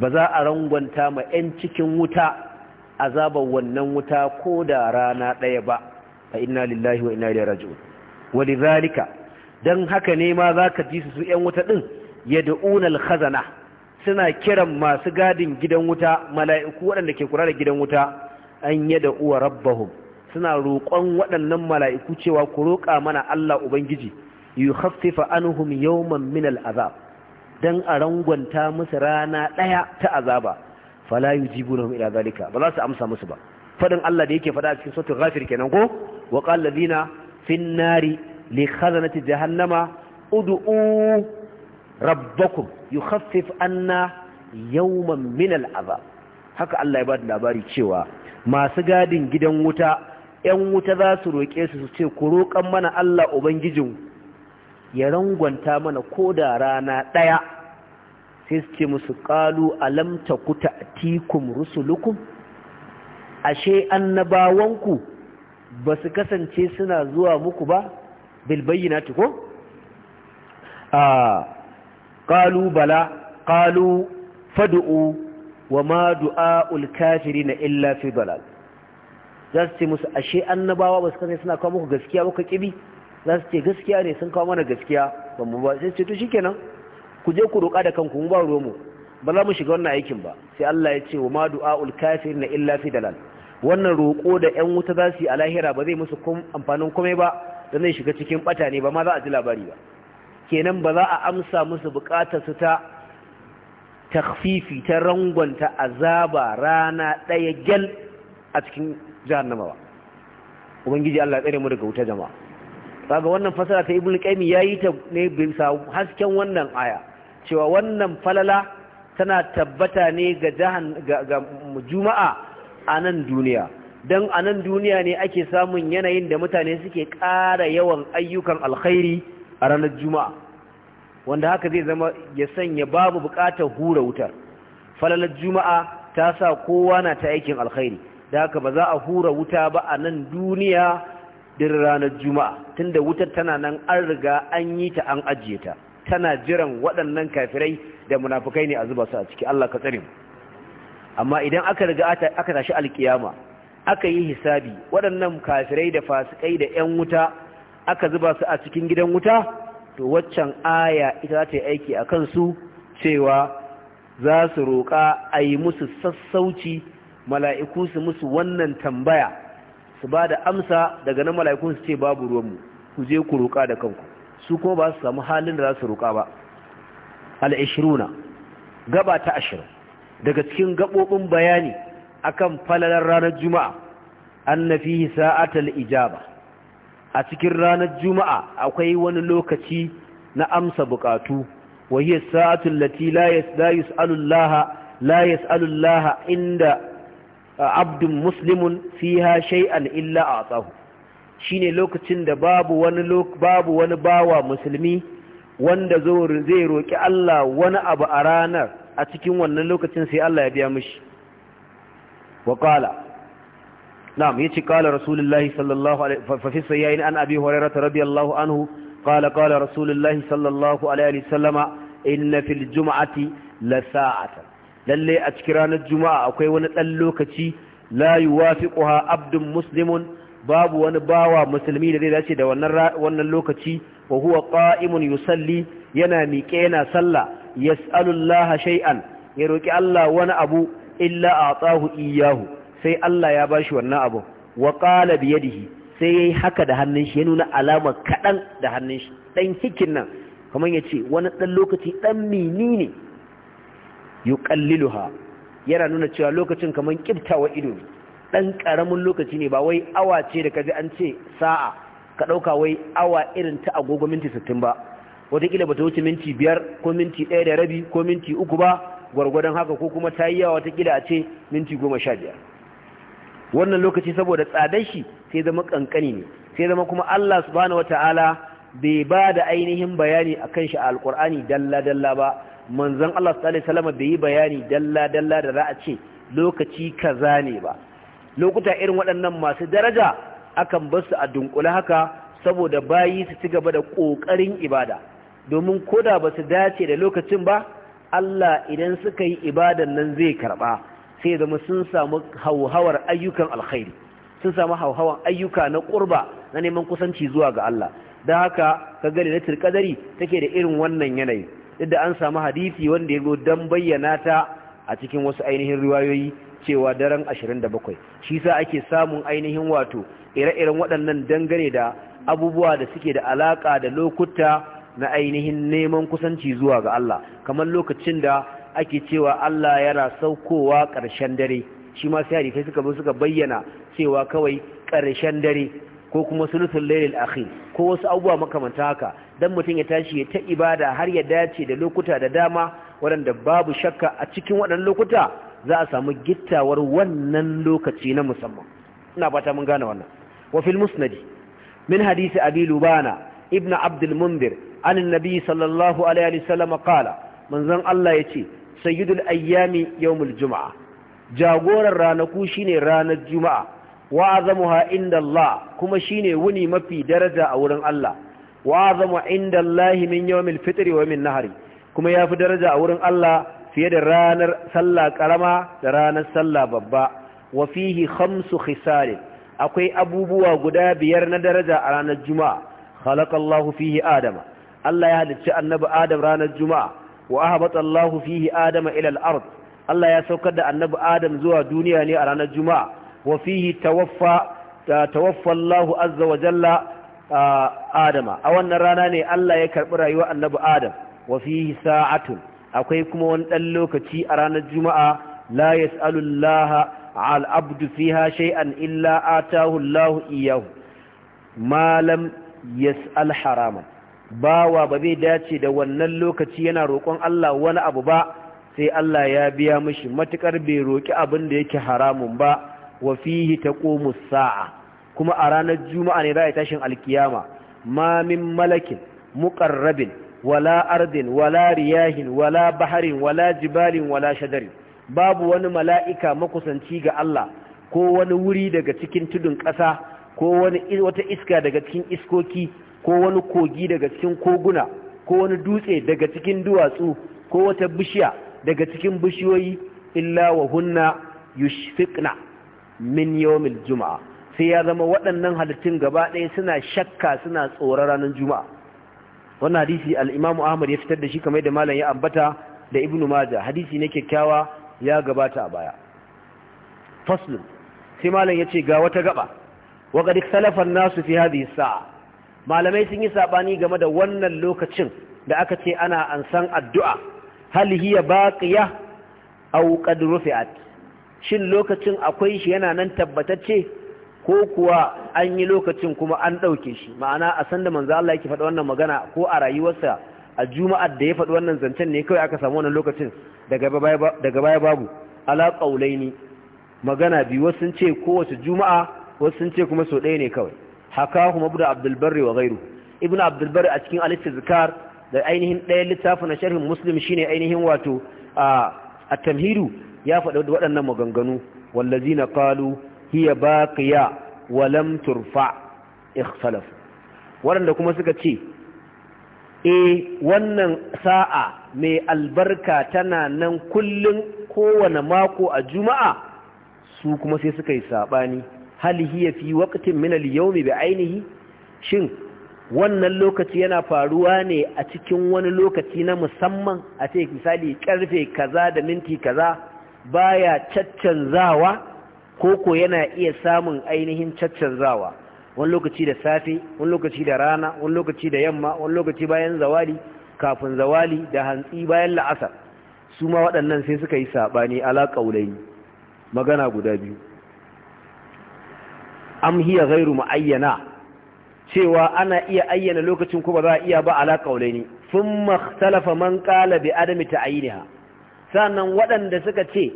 A: ba za a rangwanta ma 'yan cikin wuta azabar wannan wuta ko da rana ɗaya ba a inna lillahi wa inna ilaihi raji'un walidhalika dan haka ne ma zaka ji su 'yan wuta din yad'una al-khazana suna kiran masu gadin gidan wuta mala'iku waɗanda ke kula da gidan wuta an da uwa rabbahum suna roƙon waɗannan mala'iku cewa ku roƙa mana Allah ubangiji yukhaffifa anhum yawman min al'azab Don a rangwanta musu rana ɗaya ta azaba fala yujibunahum ila zalika ba za su amsa musu ba Faɗin Allah da yake fada a cikin suratul ghafir kenan ko wa finnari ladina li khazanati jahannama ud'u rabbakum yukhaffif anna yawman min al'azab haka Allah ya bada labari cewa masu gadin gidan wuta ƴan wuta za su roƙe su su ce ku roƙan mana Allah ubangijin ya rangwanta mana ko da rana ɗaya sai su ce musu ƙalu alam takuta atikum rusulukum ashe annabawanku ba su kasance suna zuwa muku ba bilbayyana ko? Ah, qalu bala qalu fad'u wa ma du'a'ul kafirin illa fi dalal za su ce musu ashe annabawa ba su kasance suna kawo muku gaskiya ba ka kibi za su ce gaskiya ne sun kawo mana gaskiya ba mu ba sai ce to shikenan ku je ku roƙa da kanku mu ba ruwanmu ba za mu shiga wannan aikin ba sai Allah ya ce wa ma du'a'ul na illa fi dalal wannan roƙo da ƴan wuta za su yi a lahira ba zai musu amfanin komai ba da zai shiga cikin bata ne ba ma za a ji labari ba kenan ba za a amsa musu su ta takfifi ta rangwanta azaba rana ɗaya gyal a cikin jahannama ba ubangiji Allah ya tsare mu daga wuta jama'a kaga wannan fasara ta ibnu qayyim yayi ta ne bisa hasken wannan aya cewa wannan falala tana tabbata ne ga jahan ga juma'a a nan duniya dan a nan duniya ne ake samun yanayin da mutane suke ƙara yawan ayyukan alkhairi a ranar juma'a wanda haka zai zama ya sanya babu bukatar hura wutar falalar juma'a ta sa kowa na ta aikin alkhairi da haka ba za a hura wuta ba a nan duniya din ranar juma'a tunda wutar tana nan an riga an yi ta an ajiye ta tana jiran waɗannan kafirai da munafukai ne a zuba su a ciki Allah ka tsare amma idan aka riga aka tashi alkiyama aka yi hisabi waɗannan kafirai da fasikai da ƴan wuta aka zuba su a cikin gidan wuta to waccan aya ita za ta yi aiki a kansu cewa za su roƙa a yi musu sassauci mala'iku su musu wannan tambaya su ba da amsa daga nan mala'iku su ce babu ruwanmu ku je ku roƙa da kanku su kuma ba su samu halin da za su roƙa ba al'ishiruna gaba ta ashirin daga cikin gaɓoɓin bayani akan falalar ranar juma'a an na fi sa'atar ijaba a cikin ranar juma'a akwai wani lokaci na amsa bukatu wa hiya lati Layus Alullaha Allah alullaha inda abdun muslimun fiha shai'an illa Shi ne lokacin da babu wani babu wani bawa musulmi wanda zai roƙi Allah wani abu a ranar a cikin wannan lokacin sai Allah ya biya mishi wa na'am yace qala rasulullahi sallallahu alaihi fa fi sayyin an abi hurairah radiyallahu anhu qala qala rasulullahi sallallahu alaihi wasallama inna fil juma'ati la sa'atan lalle a cikin ranar juma'a akwai wani ɗan lokaci la yuwafiquha abdun muslimun babu wani bawa musulmi da zai dace da wannan wannan lokaci wa huwa qa'imun yusalli yana miƙe yana sallah yas'alullaha shay'an ya roki Allah wani abu illa a'tahu iyyahu sai Allah ya ba shi wannan abu wa qala bi yadihi sai yayi haka da hannun shi ya nuna alama kaɗan da hannun shi dan hikin nan kamar ce wani dan lokaci dan mini ne yuqalliluha yana nuna cewa lokacin kamar kibtawa ido ne dan karamin lokaci ne ba wai awa ce da kaji an ce sa'a ka ɗauka wai awa irin ta agogo minti sittin ba wataƙila ba ta wuce minti biyar ko minti ɗaya da rabi ko minti uku ba gwargwadon haka ko kuma ta yi yawa watakila a ce minti goma sha biyar wannan lokaci saboda tsadar shi sai zama kankani ne sai zama kuma Allah subhanahu wataala bai ba da ainihin bayani akan shi a alqur'ani dalla dalla ba manzon Allah sallallahu alaihi wasallam bai yi bayani dalla dalla da za a ce lokaci kaza ne ba lokuta irin waɗannan masu daraja akan bar su a dunkule haka saboda bayi su ci gaba da ƙoƙarin ibada domin koda ba su dace da lokacin ba Allah idan suka yi ibadan nan zai karɓa sai zama sun samu hauhawar ayyukan alkhairi sun samu hauhawar ayyuka na ƙurba na neman kusanci zuwa ga Allah don haka ka gani na turkadari take da irin wannan yanayi yadda an samu hadisi wanda ya zo don bayyana ta a cikin wasu ainihin riwayoyi cewa daren 27 shi sa ake samun ainihin wato ire-iren waɗannan dangane da abubuwa da suke da alaƙa da lokuta na ainihin neman kusanci zuwa ga Allah kamar lokacin da ake cewa Allah yana saukowa ƙarshen dare shi ma sai hadisai suka bi suka bayyana cewa kawai ƙarshen dare ko kuma sulusul lailil akhir ko wasu abubuwa makamanta haka dan mutum ya tashi ya ta ibada har ya dace da lokuta da dama waɗanda babu shakka a cikin waɗannan lokuta za a samu gittawar wannan lokaci na musamman ina fata mun gane wannan wa fil musnad min hadisi abi lubana ibnu abdul mundir an annabi sallallahu alaihi wasallam qala manzon Allah yace sayyidul ayyami yawmul juma'a jagoran ranaku shine ranar juma'a wa azamuha inda Allah kuma shine wuni mafi daraja a wurin Allah wa azamu inda Allah min yawmil fitri wa min nahari kuma yafi daraja a wurin Allah fiye da ranar sallah karama da ranar sallah babba wa fihi khamsu khisal akwai abubuwa guda biyar na daraja a ranar juma'a khalaqallahu fihi adama Allah ya halicci annabi Adam ranar juma'a wa ahbata fihi adama ilal al Allah ya saukar da annabi Adam zuwa duniya ne a ranar Juma'a wa fihi tawaffa tawaffa Allahu azza wa jalla Adama a wannan rana ne Allah ya karbi rayuwar annabi Adam wa fihi sa'atun akwai kuma wani dan lokaci a ranar Juma'a la yas'alu Allah al-abdu fiha shay'an illa atahu Allah iyahu ma lam yas'al haraman bawa ba zai dace da wannan lokaci yana roƙon Allah wani abu ba sai Allah ya biya mishi matukar bai roƙi abin da yake haramun ba wa fihi taqumu sa'a kuma a ranar juma'a ne za a tashin alkiyama ma min malakin muqarrabin wala ardin wala riyahin wala baharin wala jibalin wala shadari babu wani mala'ika makusanci ga Allah ko wani wuri daga cikin tudun ƙasa ko wani wata iska daga cikin iskoki ko wani kogi daga cikin koguna ko wani dutse daga cikin duwatsu ko wata bishiya daga cikin bishiyoyi illa wa hunna yushfiqna min yawmil juma'a sai ya zama waɗannan halittun gaba ɗaya suna shakka suna tsoron ranar juma'a wannan hadisi al imam ahmad ya fitar da shi kamar da malam ya ambata da ibnu majah hadisi ne kyakkyawa ya gabata a baya faslun sai malam ce ga wata gaba wa qad ikhtalafa an-nasu fi hadhihi saa malamai sun yi sabani game da wannan lokacin da aka ce ana ansan addu'a hal hiya baqiya aw qad rufi'at shin lokacin akwai shi yana nan tabbatacce ko kuwa an yi lokacin kuma an ɗauke shi ma'ana a sanda manzo Allah yake faɗa wannan magana ko a rayuwarsa a juma'ar da ya faɗi wannan zancen ne kawai aka samu wannan lokacin daga baya babu ala qaulaini magana biyu wasu sun ce kowace juma'a wasu ce kuma sau ɗaya ne kawai hakahu mabda abdul barri wa ghayru ibn abdul barri a cikin al-istizkar da ainihin ɗayan littafin na sharhin muslim shine ainihin wato a tamhidu ya faɗa waɗannan maganganu wallazina qalu hiya baqiya wa lam turfa ikhtalaf waɗanda kuma suka ce e wannan sa'a mai albarka tana nan kullum kowane mako a juma'a su kuma sai suka yi saɓani hal hiya fi waqtin min al yawmi bi ainihi shin wannan lokaci yana faruwa ne a cikin wani lokaci na musamman a ce misali karfe kaza da minti kaza baya caccanzawa ko ko yana iya samun ainihin caccanzawa wani lokaci da safe wani lokaci da rana wani lokaci da yamma wani lokaci bayan zawali kafin zawali da hantsi bayan la'asar su ma waɗannan sai suka yi saɓani ala ƙaulayi magana guda biyu am hiya ghairu muayyana cewa ana iya ayyana lokacin ko ba za a iya ba ala qaulaini thumma ikhtalafa man qala bi adami ta'yinha sannan waɗanda suka ce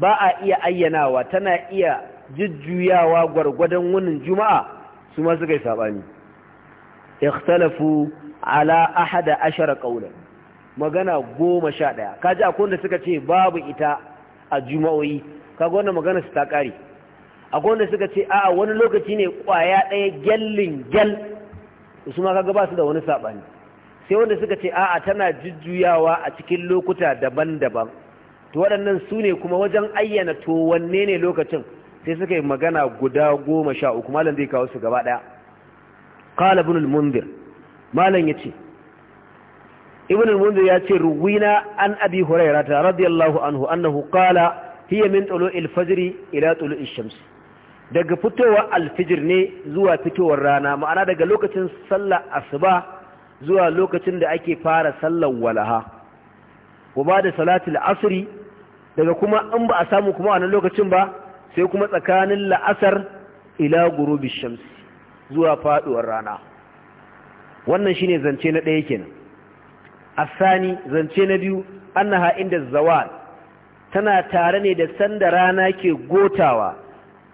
A: ba a iya ayyanawa tana iya jujjuyawa gurgurdan wannan juma'a su ma suka yi sabani ikhtalafu ala ahad ashar qaula magana goma sha ɗaya kaji akwai wanda suka ce babu ita a juma'o'i kaga wannan magana su ta ƙare akwai wanda suka ce a wani lokaci ne kwaya ɗaya gyallin gyal su ma kaga ba su da wani saɓani sai wanda suka ce a'a tana jujjuyawa a cikin lokuta daban-daban to waɗannan su ne kuma wajen ayyana to wanne ne lokacin sai suka yi magana guda goma sha uku malam zai kawo su gaba ɗaya qala ibn al mundir malam yace ibn al mundir ya ce ruwina an abi hurairah radiyallahu anhu annahu qala hiya min tulu'il fajr ila tulu'ish shams daga fitowa alfijir ne zuwa fitowar rana ma'ana daga lokacin sallar asuba zuwa lokacin da ake fara sallar walaha kuma da salatul asri daga kuma in ba a samu kuma a nan lokacin ba sai kuma tsakanin la'asar ila gurubish shamsi zuwa faduwar rana wannan shine zance na ɗaya kenan asani zance na biyu annaha inda zawal tana tare ne da sanda rana ke gotawa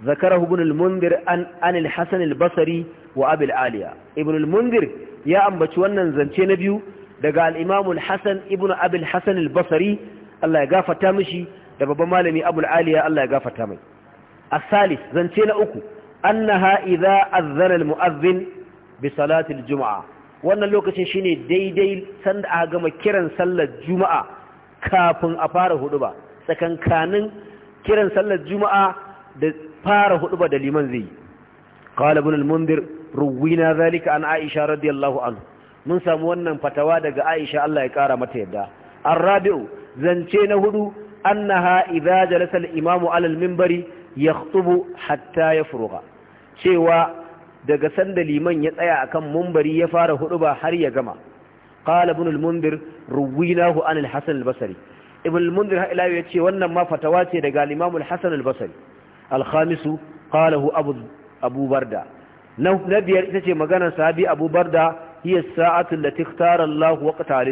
A: ذكره ابن المنذر عن عن الحسن البصري وابي العاليه ابن المنذر يا ambaci wannan zance na biyu daga al-Imam al-Hasan ibn Abi al-Hasan al-Basri Allah ya gafarta mishi da babban malami Abu aliya Allah ya gafarta mai as-salis zance na uku annaha idza azzana al-mu'adhdhin bi salati al-jum'a wannan lokacin shine daidai sanda a gama kiran sallar juma'a kafin a fara huduba tsakankanin kiran sallar juma'a da fara huduba da liman zai yi qala al-mundir ruwina zalika an aisha radiyallahu anhu mun samu wannan fatawa daga aisha Allah ya kara mata yadda ar-rabi'u zance na hudu annaha idza jalasa al-imamu ala al-minbari yakhtubu hatta yafrugha cewa daga sanda liman ya tsaya akan munbari ya fara huduba har ya gama qala ibn al-mundir ruwinahu an al-hasan al-basri ibn al-mundir ha ila yace wannan ma fatawa ce daga al-imam al-hasan al-basri alhamisu qalahu abu abu barda na biyar ita ce maganar sahabi abu barda hiya sa'atu da ikhtara Allah waqta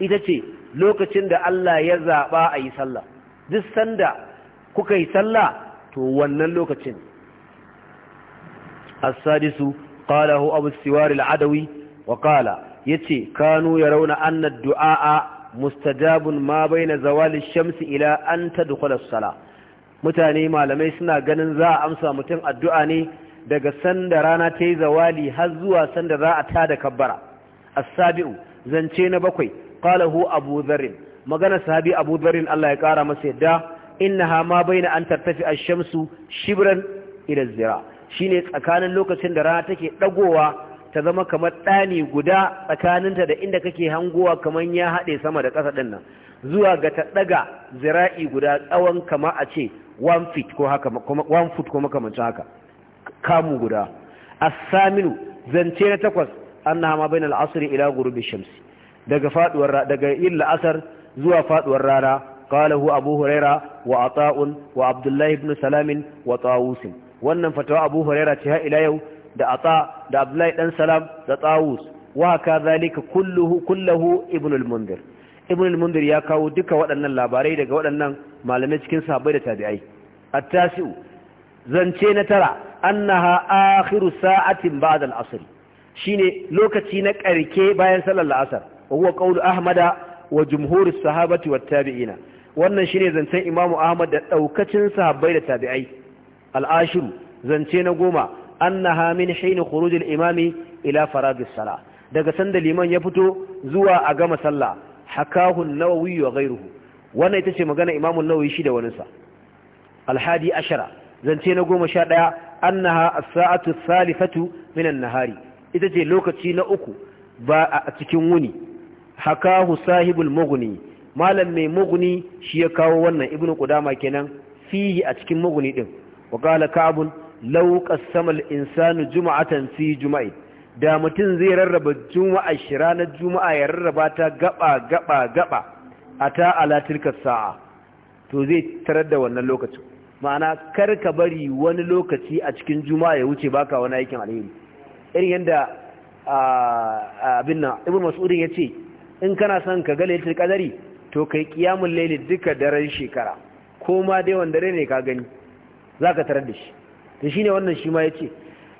A: ita ce lokacin da Allah ya zaɓa a yi sallah duk sanda kuka yi sallah to wannan lokacin as-sadisu abu siwar al-adawi wa qala yace kanu rauna anna ad-du'a mustajabun ma bai zawali zawalin shamsi ila an tadkhula as-salah mutane malamai suna ganin za a amsa mutum addu'a ne daga sanda rana ta yi zawali har zuwa sanda za a ta da kabbara Assabiu, zance na bakwai hu abu dharr magana sahabi abu dharr Allah ya kara masa yadda ha ma na an tartafi ash-shamsu shibran ila zira shine tsakanin lokacin da rana take ɗagowa ta zama kamar ɗani guda tsakaninta da inda kake hangowa kamar ya haɗe sama da ƙasa ɗinnan. zuwa ga ta ɗaga zira'i guda tsawon kama a ce one feet ko foot ko makamancin haka kamu guda A saminu zance na takwas annaha ma bainal asri ila ghurubi shamsi daga faduwar daga yin la'asar zuwa faduwar rana qalahu abu huraira wa ata'un wa Abdullahi ibn salamin wa wannan fatawa abu huraira ce ha ila yau da ata da abdullah dan salam da tawus wa ka zalika kulluhu kulluhu ibn al-mundir ibn al-mundir ya kawo duka waɗannan labarai daga waɗannan malamai cikin sahabbai da tabi'ai at-tasi'u zance na tara annaha akhiru sa'atin ba'da al-asr shine lokaci na karke bayan sallar al-asr wa huwa qawlu ahmada wa jumhur as-sahabati tabiina wannan shine zancen imamu ahmad da daukacin sahabbai da tabi'ai al-ashiru zance na goma annaha min hin khuruj al-imami ila farag as daga sanda liman ya fito zuwa a gama sallah hakahu an-nawawi wa ghayruhu wannan ita ce magana Imam an shi da waninsa al ashara zance na ɗaya annaha as-sa'atu ath-thalithatu min nahari ita ce lokaci na uku ba a cikin wuni hakahu sahibul mughni malam mai mughni shi ya kawo wannan Ibn qudama kenan fihi a cikin mughni din wa qala ka'bun law qassama al-insanu jum'atan fi juma'i da mutum zai rarraba juma'a shi ranar juma'a ya rarraba ta gaba gaba gaba A ala tilka sa'a to zai tarar da wannan lokacin ma'ana kar ka bari wani lokaci a cikin juma'a ya wuce baka wani aikin alheri irin yadda abin nan ibn mas'udin ce, in kana son ka ga lailatul kadari to kai kiyamun laili duka daren shekara ko ma dai wanda dare ne ka gani za ka tarar da shi shi ne wannan shi ma ya ce.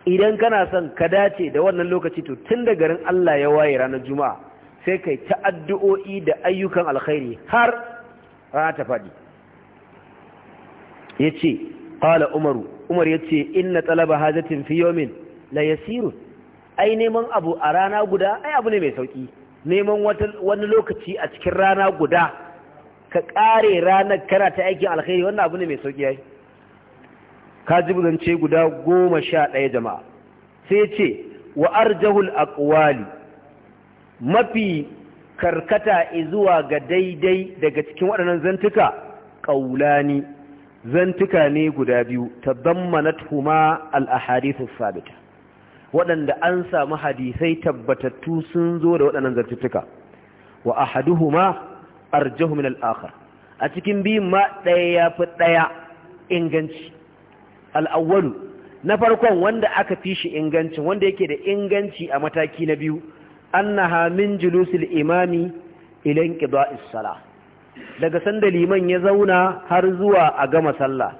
A: idan kana son ka dace da wannan lokaci to tun da garin Allah ya waye ranar juma'a sai kai ta'addu'o'i da ayyukan alkhairi har rana ta faɗi ya ce ƙala umaru umar ya ce inna talaba hajatin fi yomin na yasiru ai neman abu a rana guda ai abu ne mai sauƙi neman wani lokaci a cikin rana guda ka ƙare ranar kana ta aikin alkhairi wannan abu ne mai sauƙi ai ka ji guda goma sha ɗaya jama'a sai ya ce wa arjahul aqwali mafi karkata zuwa ga daidai daga cikin waɗannan zantuka ƙaulani zantuka ne guda biyu ta tadammanatuhuma al-ahadithu sabita waɗanda an samu hadisai tabbatattu sun zo da waɗannan zantuka wa ahaduhuma arjahu min al’akar a cikin biyun ma ɗaya ya fi ɗaya inganci al'awwalu na farkon wanda aka fi shi ingancin wanda yake da inganci a mataki na biyu annaha min julusil imami ilan qida'is sala daga sanda liman ya zauna har zuwa a gama sallah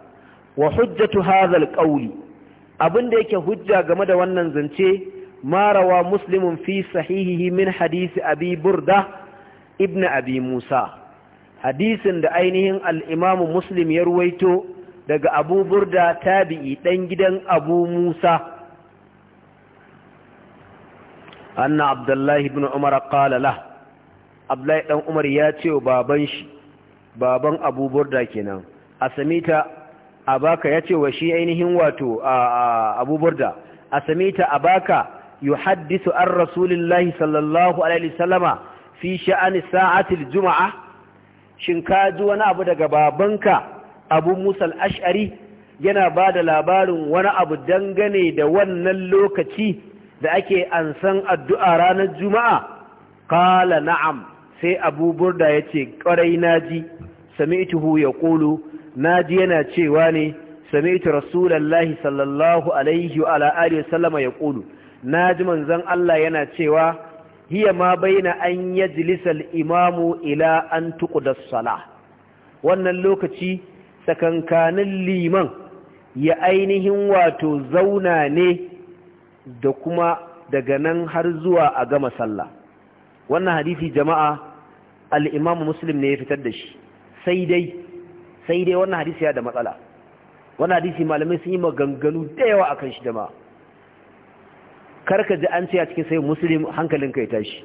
A: wa hujjatu hadha alqawli abinda yake hujja game da wannan zance marawa rawa muslimun fi sahihihi min hadisi abi burda ibn abi musa hadisin da ainihin al-imam muslim ya ruwaito daga abu burda tabi'i dan gidan abu musa anna abdullahi ibn umar qala abdullahi dan umar ya ce wa baban shi baban abu burda kenan a samita ya ce wa shi ainihin wato abu burda a samita abaka yuhaddisu an rasulillahi sallallahu alaihi wasallama fi sha'ani sa'atil juma'a shin ka ji wani abu daga babanka abu musal ash'ari yana ba da labarin wani abu dangane da wannan lokaci da ake ansan addu'a ranar juma'a kala na'am sai abu burda ya ce ƙwarai ji, sami ituhu ya ƙulu ji yana cewa ne sami itu lahi, sallallahu alaihi wa ala'ari sallama ya ƙulu ji manzan Allah yana cewa hiya ma baina an jilisar imamu ila an da Sala." wannan lokaci sakankanin liman ya ainihin wato zauna ne da kuma daga nan har zuwa a gama sallah wannan hadisi jama'a al-imam muslim ne ya fitar da shi sai dai sai dai wannan hadisi ya da matsala wannan hadisi malamai sun yi maganganu da yawa akan shi jama'a karka ji an ce a cikin sai muslim hankalin ya tashi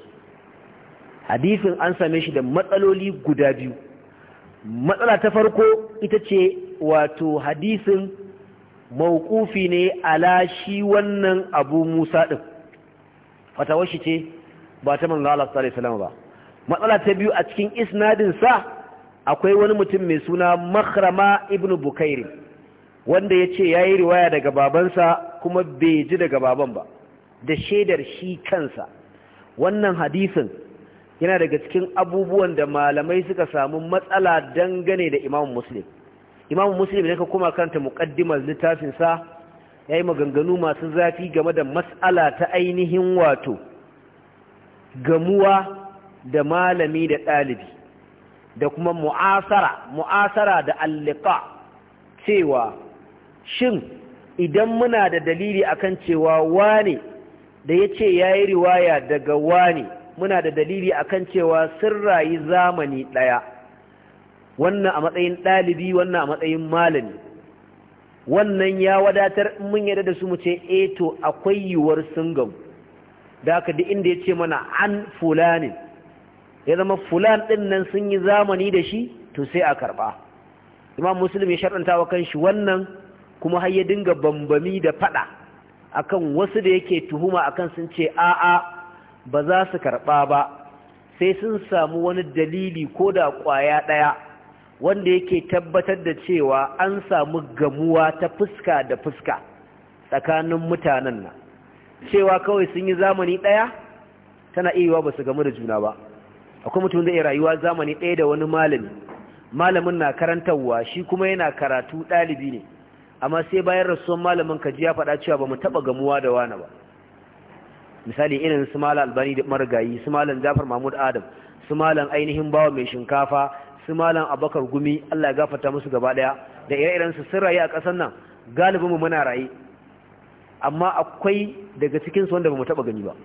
A: hadisin an same shi da matsaloli guda biyu matsala ta farko ita ce wato hadisin mawqufi ne ala shi wannan abu musa ɗin. fatawar shi ce ba ta manzo Allah sallallahu alaihi wasallam ba matsala ta biyu a cikin isnadin sa akwai wani mutum mai suna makhrama Ibn bukairi wanda ya ce ya yi riwaya daga babansa kuma bai ji daga baban ba da shaidar shi kansa wannan hadisin yana daga cikin abubuwan da malamai suka samu matsala dangane da imam muslim imamu muslim ne ka kuma karanta muqaddimar littafin sa yayi maganganu masu zafi game da mas'ala ta ainihin wato gamuwa da malami da ɗalibi da kuma mu'asara mu'asara da alliƙa cewa shin idan muna da dalili akan cewa wane da yace yayi riwaya daga wane muna da dalili akan cewa sun rayu zamani ɗaya wannan a matsayin ɗalibi wannan a matsayin malami wannan ya wadatar mun yarda da su mu ce eh to akwai yiwuwar sun gamu da aka duk inda ya ce mana an fulanin ya zama fulan ɗin nan sun yi zamani da shi to sai a karɓa imam muslim ya sharɗanta wa kanshi wannan kuma har ya dinga bambami da faɗa akan wasu da yake tuhuma akan sun ce a'a ba za su karɓa ba sai sun samu wani dalili ko da ƙwaya ɗaya wanda yake tabbatar da cewa an samu gamuwa ta fuska da fuska tsakanin mutanen nan cewa kawai sun yi zamani ɗaya tana iya yiwa ba su gamu da juna ba akwai mutum da iya rayuwa zamani ɗaya da wani malami malamin na karantarwa shi kuma yana karatu ɗalibi ne amma sai bayan rasuwan malamin kaji ya faɗa cewa ba mu taɓa gamuwa da wani ba misali irin su malam albani da marigayi su malam jafar mahmud adam su malam ainihin bawa mai shinkafa su malam abakar gumi Allah ya gafata musu gaba daya da ire-iren su sun rayu a ƙasar nan galibinmu muna raye amma akwai daga cikin su wanda bamu taba gani ba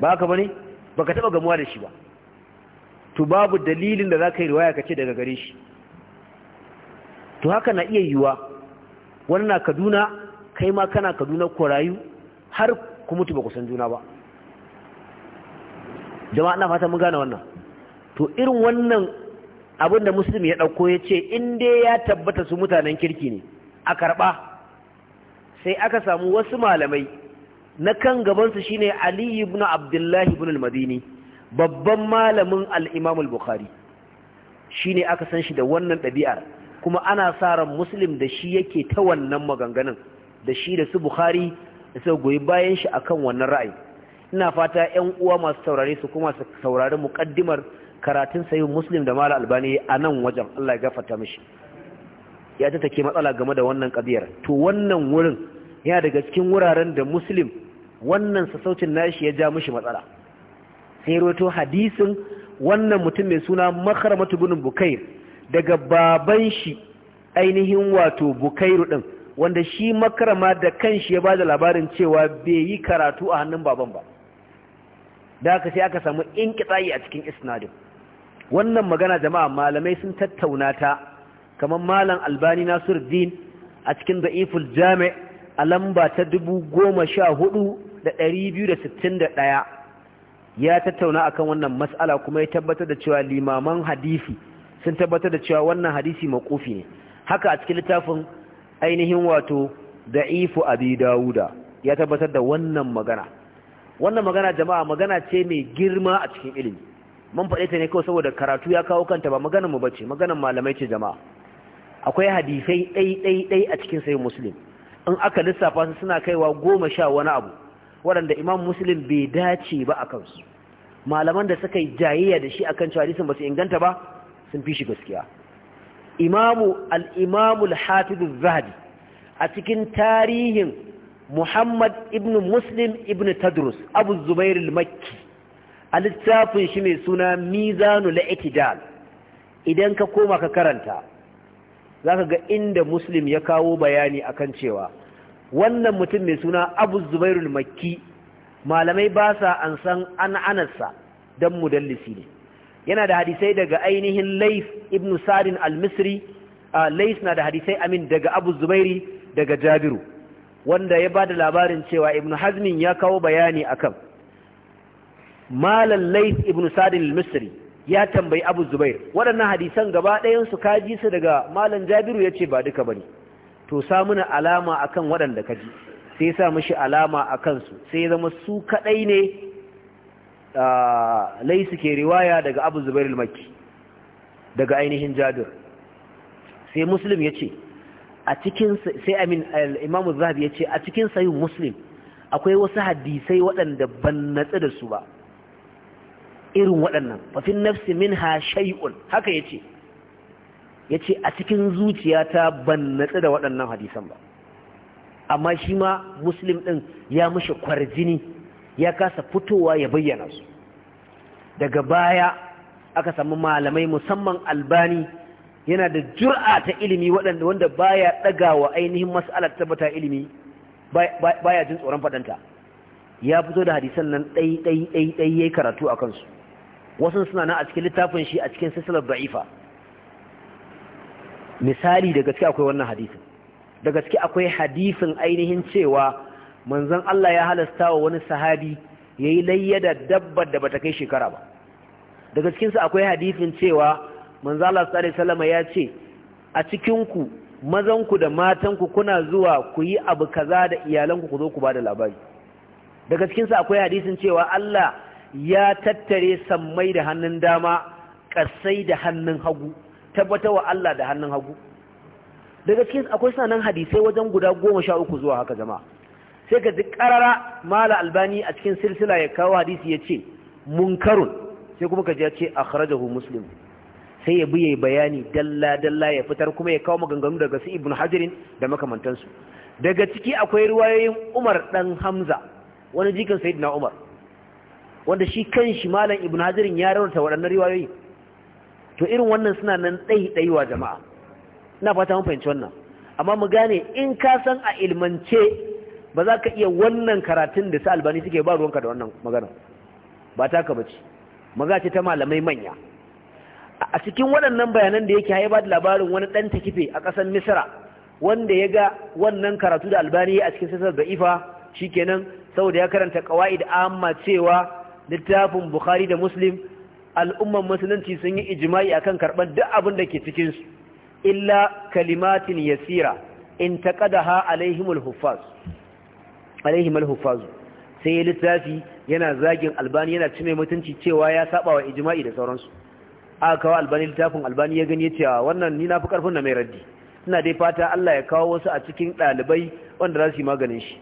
A: ba haka bane baka taba gamuwa da shi ba to babu dalilin da zaka yi riwaya kace daga gare shi to haka na iya yiwa wannan na Kaduna kai ma kana Kaduna ko rayu har ku mutu ba ku san juna ba jama'a ina fata mun gane wannan to irin wannan abin da muslim ya ɗauko ya ce in dai ya tabbata su mutanen kirki ne a karɓa sai aka samu wasu malamai na kan gabansu shine ali ibn abdullahi ibn al-madini babban malamin al-imam al-bukhari shine aka san shi da wannan ɗabi'ar kuma ana sa ran muslim da shi yake ta wannan maganganun da shi da su bukhari da sau goyi bayan shi akan wannan ra'ayi ina fata 'yan uwa masu saurare su kuma su saurari muƙaddimar karatun sayin muslim da mala albani a nan wajen Allah ya gafarta mishi ya ta take matsala game da wannan kabiyar to wannan wurin ya daga cikin wuraren da muslim wannan sassaucin nashi ya ja mishi matsala sai roto hadisin wannan mutum mai suna makaramatu bin bukair daga baban shi ainihin wato bukairu din wanda shi makarama da kanshi ya bada labarin cewa bai yi karatu a hannun baban ba da aka sai aka samu inkitsayi a cikin isnadin wannan magana jama'a malamai sun tattauna ta kamar malam albani nasiruddin a cikin da'iful jami' a lamba ta dubu goma sha hudu da ɗari biyu da sittin da ɗaya ya tattauna akan wannan matsala kuma ya tabbatar da cewa limaman hadisi sun tabbatar da cewa wannan hadisi maƙofi ne haka a cikin littafin ainihin wato da'ifu abi dawuda ya tabbatar da wannan magana wannan magana jama'a magana ce mai girma a cikin ilimi mun faɗe ta ne kawai saboda karatu ya kawo kanta ba maganar mu bace maganar malamai ce jama'a akwai hadisai ɗai ɗai ɗai a cikin sayin muslim in aka lissafa su suna kaiwa goma sha wani abu waɗanda imam muslim bai dace ba a kansu malaman da suka yi jayayya da shi akan cewa hadisin ba inganta ba sun fi shi gaskiya imamu al imamul al a cikin tarihin muhammad ibn muslim ibn tadrus abu zubair makki a littafin shi mai suna mizanu la'itidal idan ka koma ka karanta za ka ga inda muslim ya kawo bayani akan cewa wannan mutum mai suna abu zubairul makki malamai ba sa an san an anarsa don mudallisi ne yana da hadisai daga ainihin laif ibn sadin al-misri Laif na da hadisai amin daga abu zubairi daga jabiru wanda ya ba da labarin cewa ibn hazmin ya kawo bayani a kan. malam lais ibn sadin al-misri ya tambayi abu zubair waɗannan hadisan gaba ɗayan su kaji su daga malam jabiru ya ce ba duka bane to sa muna alama akan waɗanda kaji sai sa mishi alama a kansu sai ya zama su kaɗai ne laisu ke riwaya daga abu zubair al-makki daga ainihin jabir sai muslim ya ce a cikin sai amin az zahabi ya ce a cikin sayin muslim akwai wasu hadisai waɗanda ban natsu da su ba irin waɗannan fafin nafsi ha shay'un haka yace yace a cikin zuciya ta ban natsu da waɗannan hadisan ba amma shi ma muslim ɗin ya mashi kwarjini ya kasa fitowa ya bayyana su daga baya aka samu malamai musamman albani yana da jur'a ta ilimi waɗanda wanda baya ɗagawa ainihin mas'alar tabbata ilimi baya jin tsoron faɗanta ya fito da hadisan nan ɗai ɗai ɗai ɗai ya karatu a kansu wasu suna nan a cikin littafin shi a cikin sisalar da'ifa misali da gaske akwai wannan hadisin da gaske akwai hadisin ainihin cewa manzon Allah ya halasta wa wani sahabi yayi layyada dabbar da bata kai shekara ba da gaskin akwai hadisin cewa manzon Allah sallallahu alaihi wasallam ya ce a cikinku, ku mazan ku da matan ku kuna zuwa ku yi abu kaza da iyalanku ku zo ku bada labari da gaskin akwai hadisin cewa Allah ya tattare sammai da hannun dama ƙasai da hannun hagu tabbata wa Allah da hannun hagu daga cikin akwai sanan hadisai wajen guda goma sha uku zuwa haka jama'a sai ka ji ƙarara mala albani a cikin silsila ya kawo hadisi ya ce munkarun sai kuma ka ji ya ce kharajahu muslim sai ya bi ya bayani dalla dalla ya fitar kuma ya kawo maganganu daga su Ibn hajarin da makamantansu daga ciki akwai ruwayoyin umar dan hamza wani jikin sayyidina umar wanda shi kan shi malam ibn Hajirin ya rawarta waɗannan riwayoyi to irin wannan suna nan ɗai wa jama'a ina fata mun fahimci wannan amma mu gane in ka san a ilmance ba za ka iya wannan karatun da su albani suke ba ruwanka da wannan magana ba ta ka bace maza ce ta malamai manya a cikin waɗannan bayanan da yake haifar da labarin wani ɗan takife a ƙasar misira wanda ya ga wannan karatu da albani a cikin sassan da ifa shikenan saboda ya karanta kawai da amma cewa littafin bukhari da muslim al'umman musulunci sun yi ijimai akan karɓar duk abin da ke cikinsu illa kalimatin yasira in taqadaha alaihimul huffaz alaihimul huffaz sai littafi yana zagin albani yana cime mutunci cewa ya saba wa ijma'i da sauransu aka kawo albani littafin albani ya gani ya wannan ni na fi karfin na mai raddi ina dai fata Allah ya kawo wasu a cikin ɗalibai wanda za su yi maganin shi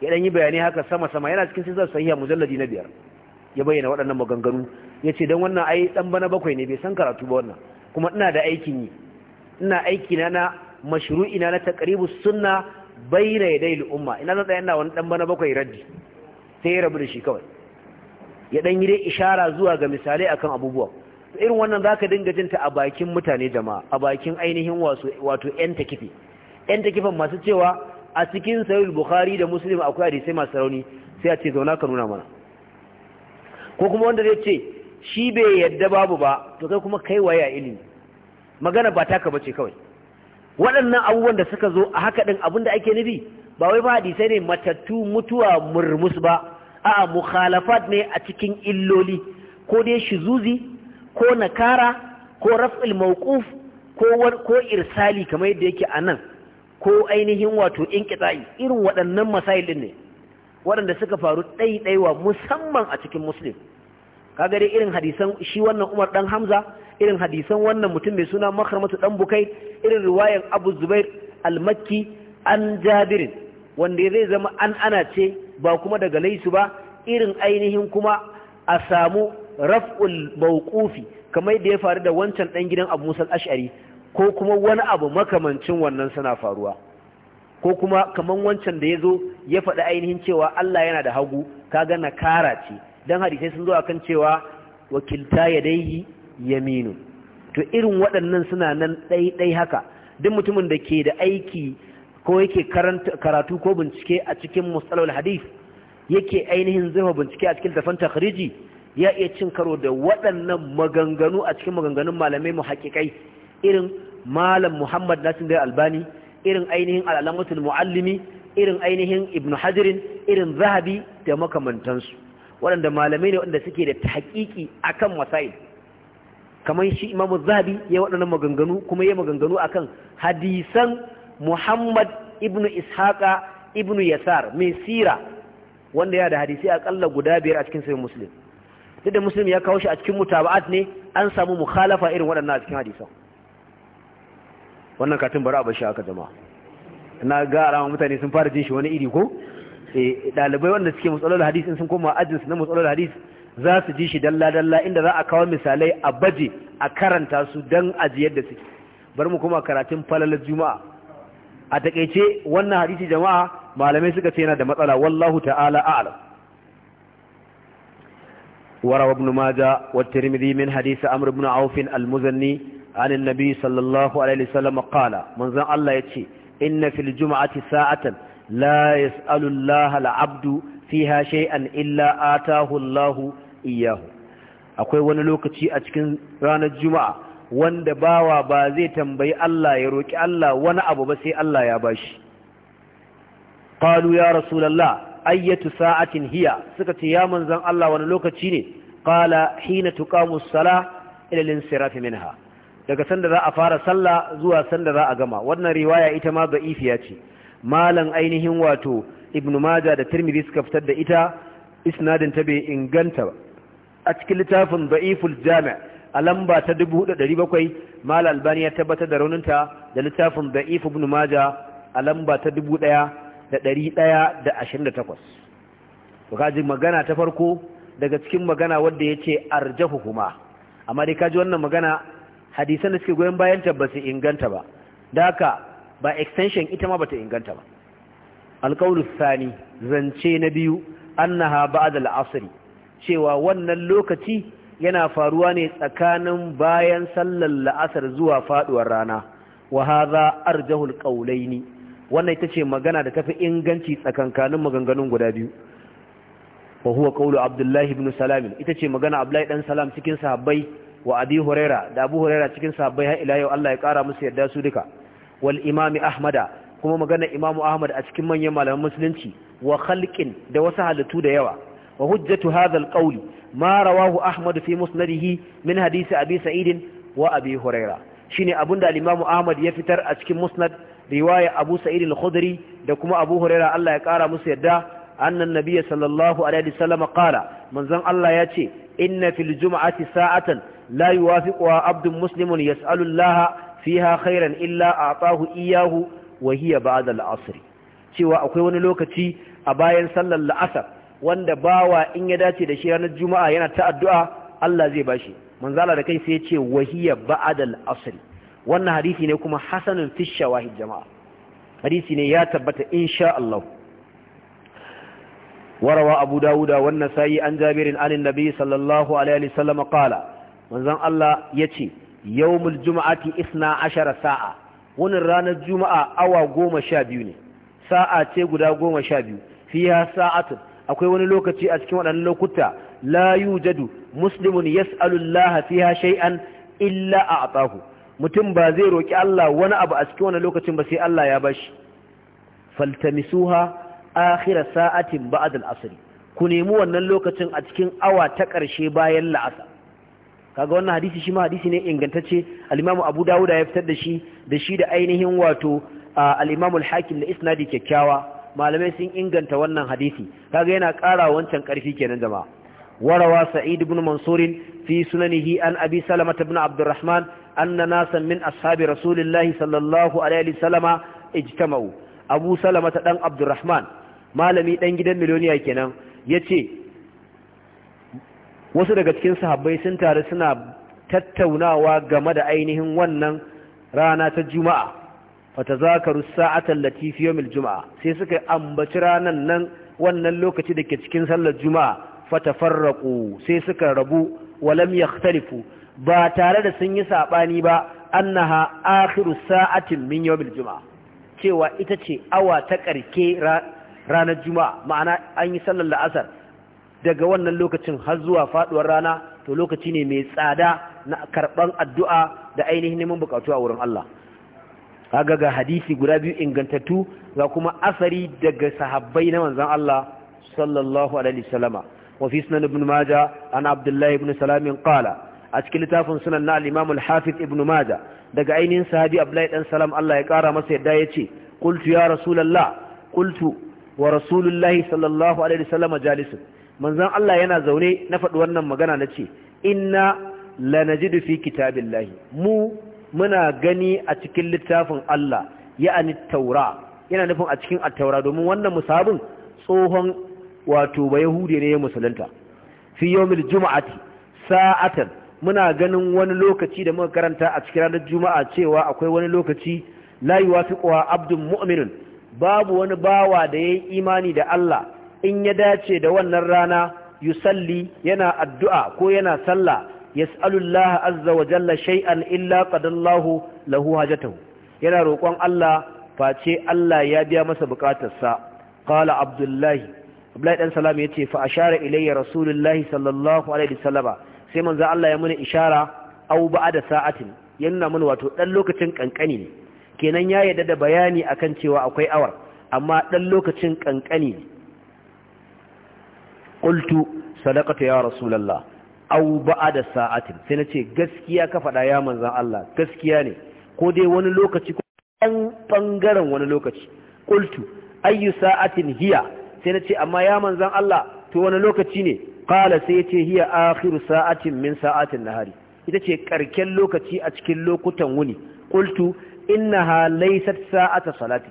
A: ya ɗan yi bayanai haka sama sama yana cikin sisar sahiha mujalladi na biyar ya bayyana waɗannan maganganu ya ce don wannan ai ɗan bana bakwai ne bai san karatu ba wannan kuma ina da aikin yi ina aiki na na mashru'i na na taqribu sunna bayna ya al-umma ina zan tsaya ina wani ɗan bana bakwai raddi sai ya rabu da shi kawai ya dan yi dai ishara zuwa ga misalai akan abubuwa irin wannan zaka dinga jinta a bakin mutane jama'a a bakin ainihin wato wato yan takifi yan takifan masu cewa a cikin sahih bukhari da muslim akwai hadisi masu rauni sai a ce zauna ka nuna mana ko kuma wanda zai ce shi bai yadda babu ba to kai kuma kai waya ilimi magana ba taka bace kawai waɗannan abubuwan da suka zo a haka ɗin abin da ake nufi ba wai ba hadisai ne matattu mutuwa murmus ba a'a mukhalafat ne a cikin illoli ko dai shizuzi ko nakara ko raf'il mawquf ko ko irsali kamar yadda yake nan, ko ainihin wato inqita'i irin waɗannan masail din ne waɗanda suka faru ɗaiɗaiwa musamman a cikin muslim Ka gari irin hadisan shi wannan umar dan hamza irin hadisan wannan mutum mai suna makarmatu dan bukai irin riwayan abu zubair al-makki an jabirin wanda zai zama an ana ce ba kuma daga laisu ba irin ainihin kuma a samu raf'ul mawqufi kamar da ya faru da wancan dan gidan abu musal ash'ari ko kuma wani abu makamancin wannan suna faruwa ko kuma kaman wancan da ya zo ya faɗi ainihin cewa Allah yana da hagu ka kaga kara ce dan hadisai sun zo akan cewa wakilta ya daihi yaminu to irin waɗannan suna nan ɗaiɗai haka duk mutumin da ke da aiki ko yake karatu ko bincike a cikin al-Hadis hadis yake ainihin zai bincike a cikin tafan takhriji ya iya cin karo da waɗannan maganganu a cikin maganganun malamai mu haƙiƙai irin malam muhammad nasir albani irin ainihin al'alamatul muallimi irin ainihin ibn hajirin irin zahabi da makamantansu waɗanda malamai ne waɗanda suke da tahqiqi akan masail kamar shi imamu zahabi ya waɗannan maganganu kuma ya maganganu akan hadisan muhammad ibn ishaqa ibn yasar mai sira wanda ya da hadisi akalla guda biyar a cikin sahih muslim duk da muslim ya kawo shi a cikin mutaba'at ne an samu mukhalafa irin waɗannan a cikin hadisan wannan katin bari a bashi aka jama'a na ga alama mutane sun fara jin shi wani iri ko eh dalibai wanda suke matsalar hadisi sun koma ajin su na matsalar hadisi za su ji shi dalla dalla inda za a kawo misalai a baje a karanta su dan ajiyar da suke bari mu koma karatun falalar juma'a a takaice wannan hadisi jama'a malamai suka ce yana da matsala wallahu ta'ala a'lam وروى ابن ماجه والترمذي من حديث عمرو بن al-muzanni. عن النبي صلى الله عليه وسلم قال من ذن الله يتي إن في الجمعة ساعة لا يسأل الله العبد فيها شيئا إلا آتاه الله إياه akwai wani lokaci a cikin ranar juma'a wanda bawa ba zai tambayi Allah ya roki Allah wani abu ba sai Allah ya bashi qalu ya rasulullah ayyatu sa'atin hiya suka ce ya manzon Allah wani lokaci ne qala hina tuqamu as-salah ila al-insiraf minha daga sanda za a fara sallah zuwa sanda za a gama wannan riwaya ita ma da'ifiya ce malan ainihin wato ibnu maja da tirmidhi suka fitar da ita isnadin ta bai inganta ba a cikin littafin da'iful jami' a lamba ta 4700 mal albani ya tabbatar da rauninta da littafin da'if ibnu maja a lamba ta 1128 to kaji magana ta farko daga cikin magana wanda yace huma." amma dai kaji wannan magana hadisan da suke goyon bayan ta su inganta ba da haka ba extension ita ma bata inganta ba alqaulu Sani zance na biyu annaha ba'da al-asr cewa wannan lokaci yana faruwa ne tsakanin bayan sallar la'asar zuwa faduwar rana wa hadha arjahul qawlaini wannan ita ce magana da tafi inganci tsakankanin maganganun guda biyu wa huwa qawlu abdullahi ibn salam ita ce magana abdullahi dan salam cikin sahabbai wa abi huraira da abu huraira cikin sahabbai har ila yau Allah ya kara musu yarda su duka wal imami ahmada kuma magana imamu ahmad a cikin manyan malaman musulunci wa khalqin da wasu halittu da yawa wa hujjatu hadha alqawli ma rawahu ahmad fi musnadihi min hadisi abi sa'id wa abi huraira shine abinda al-imamu ahmad ya fitar a cikin musnad riwaya abu sa'id al-khudri da kuma abu huraira Allah ya kara musu yarda annan nabiyyi sallallahu alaihi wasallam qala manzon Allah ya ce inna fil jum'ati sa'atan la yuwafiquha abdun muslimun yas'alu Allah fiha khairan illa a'tahu iyahu wa hiya ba'da al cewa akwai wani lokaci a bayan sallar la'asar wanda bawa in ya dace da shi ranar juma'a yana ta addu'a Allah zai ba shi. manzala da kai sai ya ce wa hiya ba'da al-'asr wannan hadisi ne kuma hasanun fi shawahid jama'a hadisi ne ya tabbata insha Allah وروى أبو داود والنسائي عن جابر عن النبي صلى الله عليه وسلم قال manzon Allah ya ce yawmul juma'ati isna ashara sa'a wannan ranar juma'a awa goma sha biyu ne sa'a ce guda goma sha biyu fiya sa'atun akwai wani lokaci a cikin waɗannan lokuta la yujadu muslimun yas'alu Allah fiha shay'an illa a'tahu mutum ba zai roki Allah wani abu a cikin wannan lokacin ba sai Allah ya bashi faltamisuha akhira sa'atin ba'd al-asr ku nemi wannan lokacin a cikin awa ta ƙarshe bayan la'asar kaga wannan hadisi shi ma hadisi ne ingantacce al-imamu abu dauda ya fitar da shi da shi da ainihin wato al-imamu al-hakim da isnadi kyakkyawa malamai sun inganta wannan hadisi kaga yana ƙara wancan ƙarfi kenan jama'a warawa sa'id ibn mansur fi sunanihi an abi salama ibn abdurrahman anna nasan min ashabi rasulillahi sallallahu alaihi wasallama ijtama'u abu salama dan abdurrahman malami dan gidan miliyoniya kenan yace wasu daga cikin sahabbai sun taru suna tattaunawa game da ainihin wannan rana ta juma'a fata zakaru sa'atan latifi mil juma'a sai suka ambaci ranar nan wannan lokaci da ke cikin sallar juma'a fata farraku sai suka rabu walam yakhtalifu ba tare da sun yi saɓani ba annaha akiru sa'atin min mil juma'a cewa ita ce awa ta karke ranar juma'a ma'ana an yi sallar la'asar daga wannan lokacin har zuwa faduwar rana to lokaci ne mai tsada na karban addu'a da ainihin neman bukatu a wurin Allah kaga ga hadisi guda biyu ingantattu ga kuma asari daga sahabbai na manzon Allah sallallahu alaihi wasallama wa fi sunan ibn maja an abdullahi ibn salam qala a cikin littafin sunan na al-imam al-hafiz ibn maja daga ainihin sahabi abdullahi dan salam Allah ya kara masa yadda yace qultu ya rasulullah qultu wa rasulullahi sallallahu alaihi wasallama jalisun manzon Allah yana zaune na faɗi wannan magana na ce inna lanajidu fi kitabillahi mu muna gani a cikin littafin Allah ya'ani taura yana nufin a cikin attaura domin wannan musabun tsohon wato ba yahudi ne ya musulunta fi yawmil juma'ati sa'atan muna ganin wani lokaci da muka karanta a cikin ranar juma'a cewa akwai wani lokaci la yuwafiqu abdun mu'minun babu wani bawa da yayi imani da Allah in ya dace da wannan rana yusalli yana addu'a ko yana sallah yas'alullah azza wa jalla shay'an illa ƙadallahu lahu hajatahu yana roƙon Allah face Allah ya biya masa bukatarsa qala abdullahi abdullahi ɗan salam yace fa ashara ilayya rasulullahi sallallahu alaihi wasallama sai manzo Allah ya muni ishara au da sa'atin yana muni wato ɗan lokacin ƙanƙani ne kenan ya yarda da bayani akan cewa akwai awar amma ɗan lokacin ƙanƙani. ne qultu sadaqata ya rasulullah aw ba'da sa'atin sai nace gaskiya ka faɗa ya manzon Allah gaskiya ne ko dai wani lokaci ko ɓangaren wani lokaci qultu ayyu sa'atin hiya sai nace amma ya manzon Allah to wani lokaci ne qala sai yace hiya akhiru sa'atin min sa'atin nahari ita ce karken lokaci a cikin lokutan wuni qultu inna laysat sa'ata salati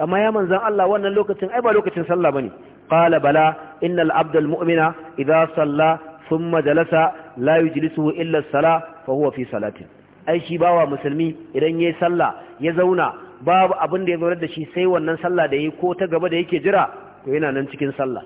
A: amma ya manzon Allah wannan lokacin ai ba lokacin sallah bane qala bala innal abdal mu'mina idza sallah sun majalasa la yujlisuhu illa as-sala fa huwa fi salatin ai bawa musulmi idan yayi sallah ya zauna babu abin da ya zaunar da shi sai wannan sallah da yayi ko ta gaba da yake jira ko yana nan cikin sallah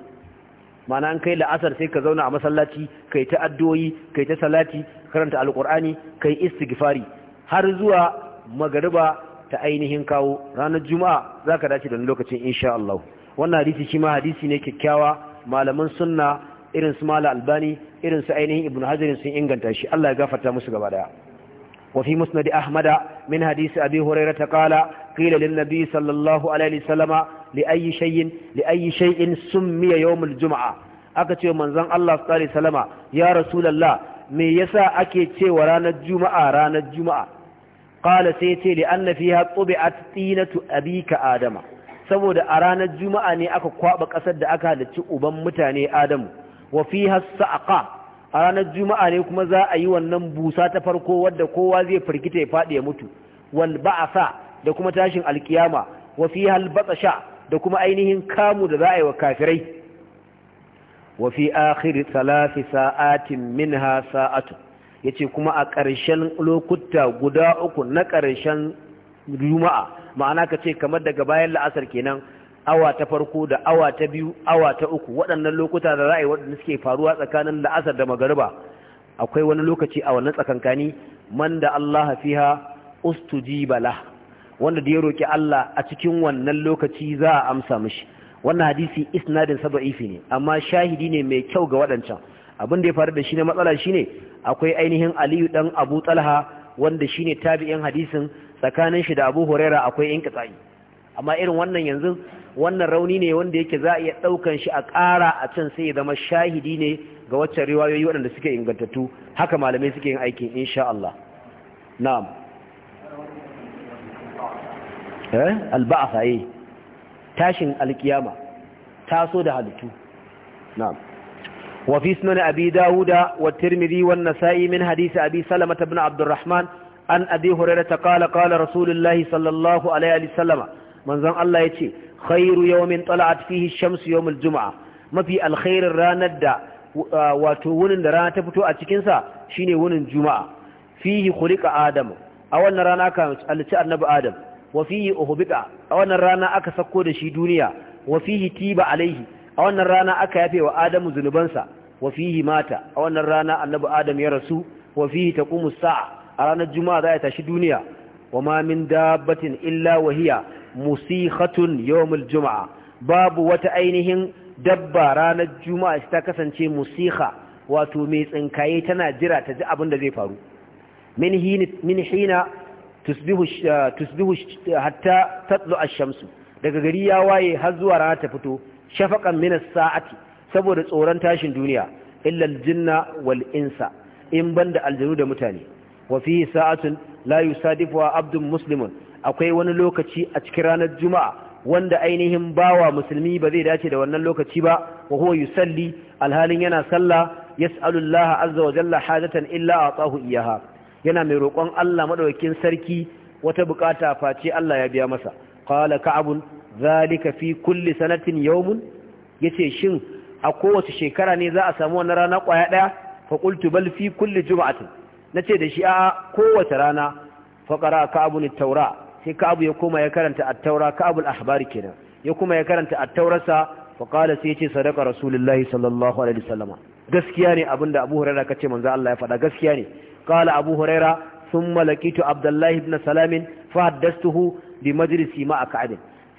A: ma'ana an kai la'asar sai ka zauna a masallaci kai ta addu'o'i kai ta salati karanta alqur'ani kai istighfari har zuwa magariba ta ainihin kawo ranar juma'a zaka dace da lokacin insha Allah wannan hadisi shima hadisi ne kyakkyawa malaman sunna irin su mala albani irin su ainihin ibnu hajarin sun inganta shi Allah ya gafarta musu gaba daya wa fi min hadisi abi hurairah qala qila lin nabi sallallahu alaihi wasallama li ayi shay'in li ayi shay'in summiya yawm Juma'a. aka ce manzon Allah sallallahu alaihi wasallama ya rasulullah me yasa ake cewa ranar juma'a ranar juma'a qala sai ce li anna fiha tubi'at tinatu abika adama saboda a ranar juma'a ne aka kwaɓa ƙasar da aka halarci uban mutane adamu wa fi sa'aqa a ranar juma'a ne kuma za a yi wannan busa ta farko wadda kowa zai firgita ya faɗi ya mutu wal ba'asa da kuma tashin alkiyama wa fi hal da kuma ainihin kamu da za a yi wa kafirai wa fi akhir thalathi sa'atin minha sa'atu yace kuma a ƙarshen lokuta guda uku na ƙarshen juma'a ma'ana ka ce kamar daga bayan la'asar kenan awa ta farko da awa ta biyu awa ta uku waɗannan lokuta da ra'ayi waɗanda suke faruwa tsakanin la'asar da magariba akwai wani lokaci a wannan tsakankani man da Allah fiha Ustu lah wanda da ya roki Allah a cikin wannan lokaci za a amsa mishi wannan hadisi isnadin saba'ifi ne amma shahidi ne mai kyau ga waɗancan abin da ya faru da shi na matsala shine akwai ainihin Aliyu dan Abu tsalha wanda shine tabi'in hadisin tsakanin shi da Abu Huraira akwai inqita'i amma irin wannan yanzu wannan rauni ne wanda yake za a iya daukan shi a ƙara a can sai ya zama shahidi ne ga waccan riwayoyi waɗanda suke ingantattu haka malamai suke yin aikin insha Allah na'am eh alba'sa tashin alkiyama taso da halittu na'am وفي سنن أبي داود والترمذي والنسائي من حديث أبي سلمة بن عبد الرحمن أن أبي هريرة قال قال رسول الله صلى الله عليه وسلم من زن الله يتي خير يوم طلعت فيه الشمس يوم الجمعة ما في الخير راند وتون رانا تفتو أتكنسا شيني ون الجمعة فيه خلق آدم أول رانا كانت التي أرنب آدم وفيه أهبك أول رانا أكسكو دشي دنيا وفيه تيب عليه a wannan rana aka yafe wa adamu zunubansa wa fihi mata a wannan rana annabi adam ya rasu wa fihi taqumu sa'a a ranar juma'a za a tashi duniya wa ma min dabbatin illa wa hiya musihatun yawmul juma'a babu wata ainihin dabba ranar juma'a ta kasance musiha wato mai tsinkaye tana jira ta ji abin da zai faru min hina tusbihu hatta tatlu ash-shamsu daga gari ya waye har zuwa rana ta fito shafaqan min as-sa'ati saboda tsoron tashin duniya Illal jinna wal insa in banda aljanu da mutane wa fihi sa'atun la yusadifu abdun muslimun akwai wani lokaci a cikin ranar juma'a wanda ainihin bawa musulmi ba zai dace da wannan lokaci ba wa huwa yusalli alhalin yana sallah yas'alullaha azza wa jalla hajatan illa atahu iyaha yana mai roƙon Allah madaukakin sarki wata bukata face Allah ya biya masa qala ka'abun zalika fi kulli sanatin yawmun yace shin a kowace shekara ne za a samu wannan rana kwaya daya fa qultu bal fi kulli jum'atin nace da shi a kowace rana fa qara ka'abu taura sai abu ya koma ya karanta at-taura al ahbari kenan ya kuma ya karanta at-taurarsa fa qala sai yace sadaqa rasulullahi sallallahu alaihi wasallam gaskiya ne abinda abu huraira kace manzo Allah ya faɗa gaskiya ne qala abu sun thumma laqitu abdullahi ibn salamin fa haddathtuhu bi majlisi ma'a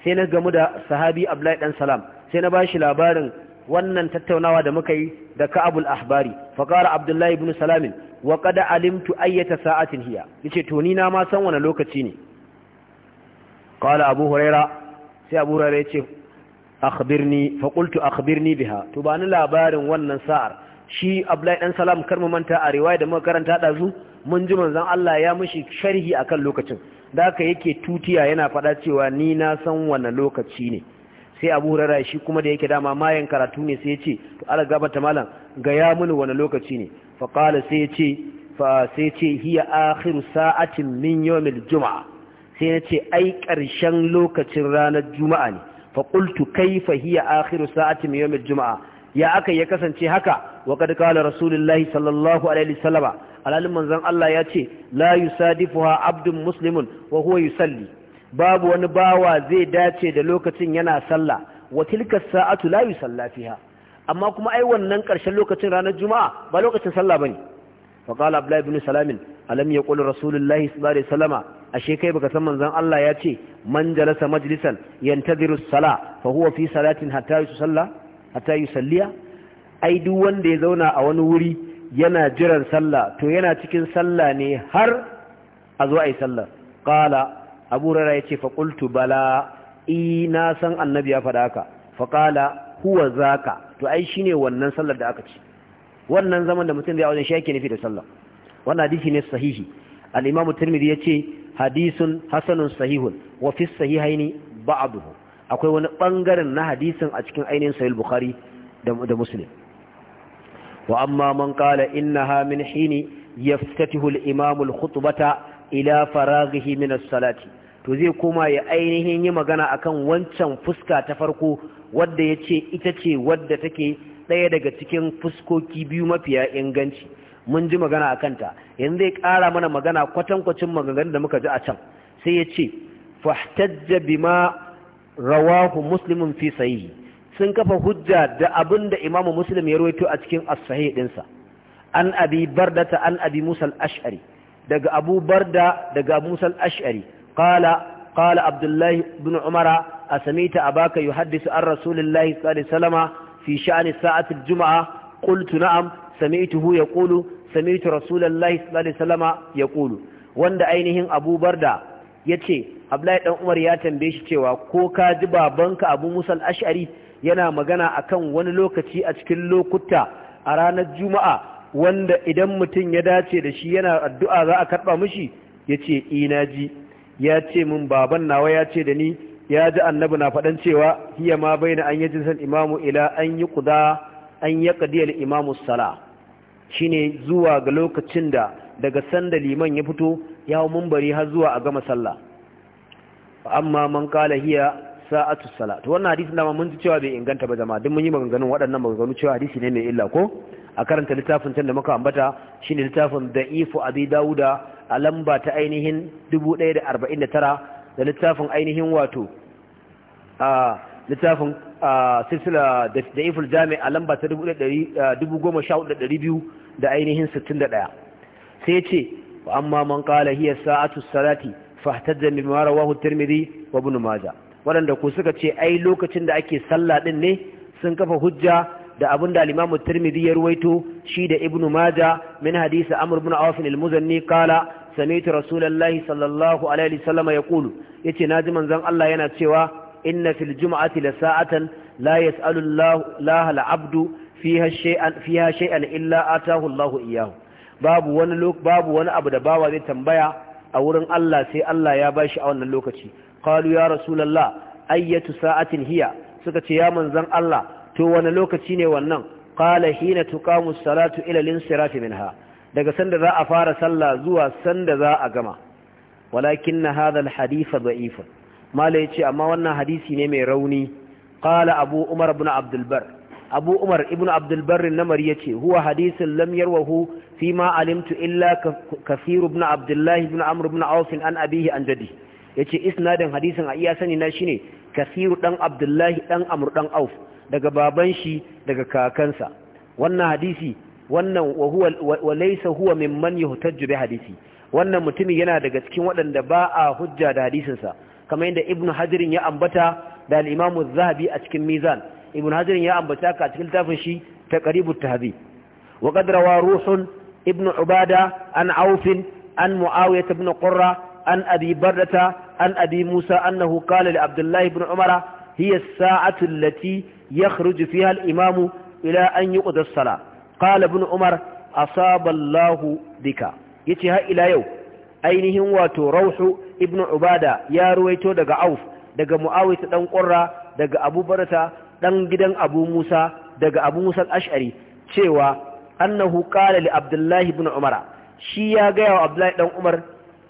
A: sai na gamu da sahabi Abdullahi dan Salam sai na bashi labarin wannan tattaunawa da muka yi da Ka'abul Ahbari fa qala Abdullahi ibn Salam wa qad alimtu ayyata sa'atin hiya yace to ni na ma san wani lokaci ne qala Abu Huraira sai Abu Huraira yace akhbirni fa qultu akhbirni biha to bani labarin wannan sa'ar shi Abdullahi dan Salam kar mu manta a riwaya da muka karanta zu mun ji manzon Allah ya mishi sharhi akan lokacin da yake tutiya yana faɗa cewa ni na san wanne lokaci ne sai abu hurara shi kuma da yake dama mayan karatu ne sai ya ce to gaba ta malam gaya ya mini wani lokaci ne fa sai ya ce fa sai ce hiya akhiru sa'atin min yawmil juma'a sai ya ce ai ƙarshen lokacin ranar juma'a ne fa qultu kayfa hiya akhiru sa'atin min yawmil juma'a ya aka ya kasance haka wa kad qala rasulullahi sallallahu alaihi wasallama alhalin manzon Allah ya ce la yusadifuha abdun muslimun wa huwa yusalli babu wani bawa zai dace da lokacin yana sallah wa tilka sa'atu la yusalla fiha amma kuma ai wannan ƙarshen lokacin ranar juma'a ba lokacin sallah bane fa qala abdullah ibn salamin alam yaqul rasulullahi sallallahu alaihi wasallama ashe kai baka san manzon Allah ya ce man jalasa majlisan yantadiru sallah sala fa huwa fi salatin hatta yusalla hatta yusalliya ai duk wanda ya zauna a wani wuri yana jiran sallah to yana cikin sallah ne har a zo a yi sallah. ƙala abu rara ya ce faƙultu bala ina san annabi ya faɗa haka faƙala huwa zaka to ai shi ne wannan sallar da aka ci wannan zaman da mutum zai wajen shi yake nufi da sallah wannan hadisi ne sahihi al-imam tirmidhi ya ce hadisun hasanun sahihun wa fi sahihaini ba'duhu akwai wani bangaren na hadisin a cikin ainihin sahih bukhari da muslim واما من قال انها من حين يفتته الامام الخطبه الى فراغه من الصلاه to zai koma ya ainihin yi magana akan wancan fuska ta farko wadda ya ce ita ce wadda take ɗaya daga cikin fuskoki biyu mafiya inganci mun ji magana a kanta yanzu zai ƙara mana magana kwatankwacin maganganu da muka ji a can sai ya ce fahtajja bima rawahu muslimin fi sahihi sun kafa hujja da abin da imamu muslim ya rawaito a cikin as-sahih an abi ta an abi musa al-ash'ari daga abu barda daga abu musa al-ash'ari qala qala abdullah ibn umara asamita abaka yuhaddisu an rasulillahi sallallahu alaihi wasallama fi sha'ni sa'ati al-jum'a qultu na'am sami'tuhu yaqulu sami'tu rasulallahi sallallahu alaihi ya yaqulu wanda ainihin abu barda yace Abdullahi dan Umar ya tambaye shi cewa ko ka ji babanka Abu Musa al-Ash'ari yana magana akan wani lokaci a cikin lokuta a ranar juma'a wanda idan mutum ya dace da shi yana addu'a za a karɓa mishi ya ce ina e, ji ya ce min baban nawa ya ce da ni ya ji annabi na faɗan cewa hiya ma bai na an yi jinsan imamu ila an yi kuda an yi ƙadiyar imamu sala shi ne zuwa ga lokacin da daga sanda liman ya fito ya hau mumbari har zuwa a gama sallah amma man kala hiya sa'atu salat wannan hadisin da mun ji cewa bai inganta ba jama'a duk mun yi maganganun waɗannan maganganu cewa hadisi ne mai illa ko a karanta littafin can da muka ambata shine littafin da'ifu abi dauda a lamba ta ainihin 1049 da littafin ainihin wato a littafin silsila da'iful jami a lamba ta 1014200 da ainihin 61 sai ce amma man qala hiya sa'atu salati fahtajja bima rawahu at-tirmidhi wa ibn majah waɗanda ku suka ce ai lokacin da ake sallah ɗin ne sun kafa hujja da abin da alimamu turmidi ya ruwaito shi da ibnu maja min hadisi amr ibn awfin al-muzanni kala sami'tu rasulullahi sallallahu alaihi wasallam yaqulu yace naji manzon Allah yana cewa inna fil jum'ati la sa'atan la yas'alu Allah al-abdu fiha shay'an fiha shay'an illa atahu Allah iyyahu babu wani babu wani abu da bawa zai tambaya a wurin Allah sai Allah ya bashi a wannan lokaci qalu ya rasulullah ayyatu sa'atin hiya suka ce ya manzon Allah to wani lokaci ne wannan qala hina tuqamu salatu ila linsirafi minha daga sanda za a fara sallah zuwa sanda za a gama walakin hadha alhadith da'if mala yace amma wannan hadisi ne mai rauni qala abu umar ibn abdul abu umar ibn abdul bar namari yace huwa hadisin lam yarwahu fima alimtu illa kathir ibn abdullah ibn amr ibn an abihi an jadihi Ya ce isnadin hadisin a iya sani na shine kasiru dan abdullahi dan amr dan auf daga baban shi daga kakansa wannan hadisi wannan wa huwa wa laysa huwa mimman yuhtajju bi hadisi wannan mutumin yana daga cikin waɗanda ba a hujja da hadisinsa kamar yadda ibn hajirin ya ambata da al'imamu zahabi a cikin mizan ibn hajirin ya ambata ka a cikin littafin shi ta ƙaribu ta habi wa ruhun ibn ubada an aufin an mu'awiyat ibn qurra an abi bardata an abi musa annahu qala li abdullahi ibn umara hiya as-sa'atu allati yakhruju fiha al-imam ila an yuqda as-salah qala ibn umar asaba Allahu bika yace har ila yau ainihin wato rauhu ibn ubada ya ruwaito daga auf daga muawita dan qurra daga abu dan gidan abu musa daga abu musa al-ash'ari cewa annahu qala li abdullahi ibn umara shi ya ga wa abdullahi dan umar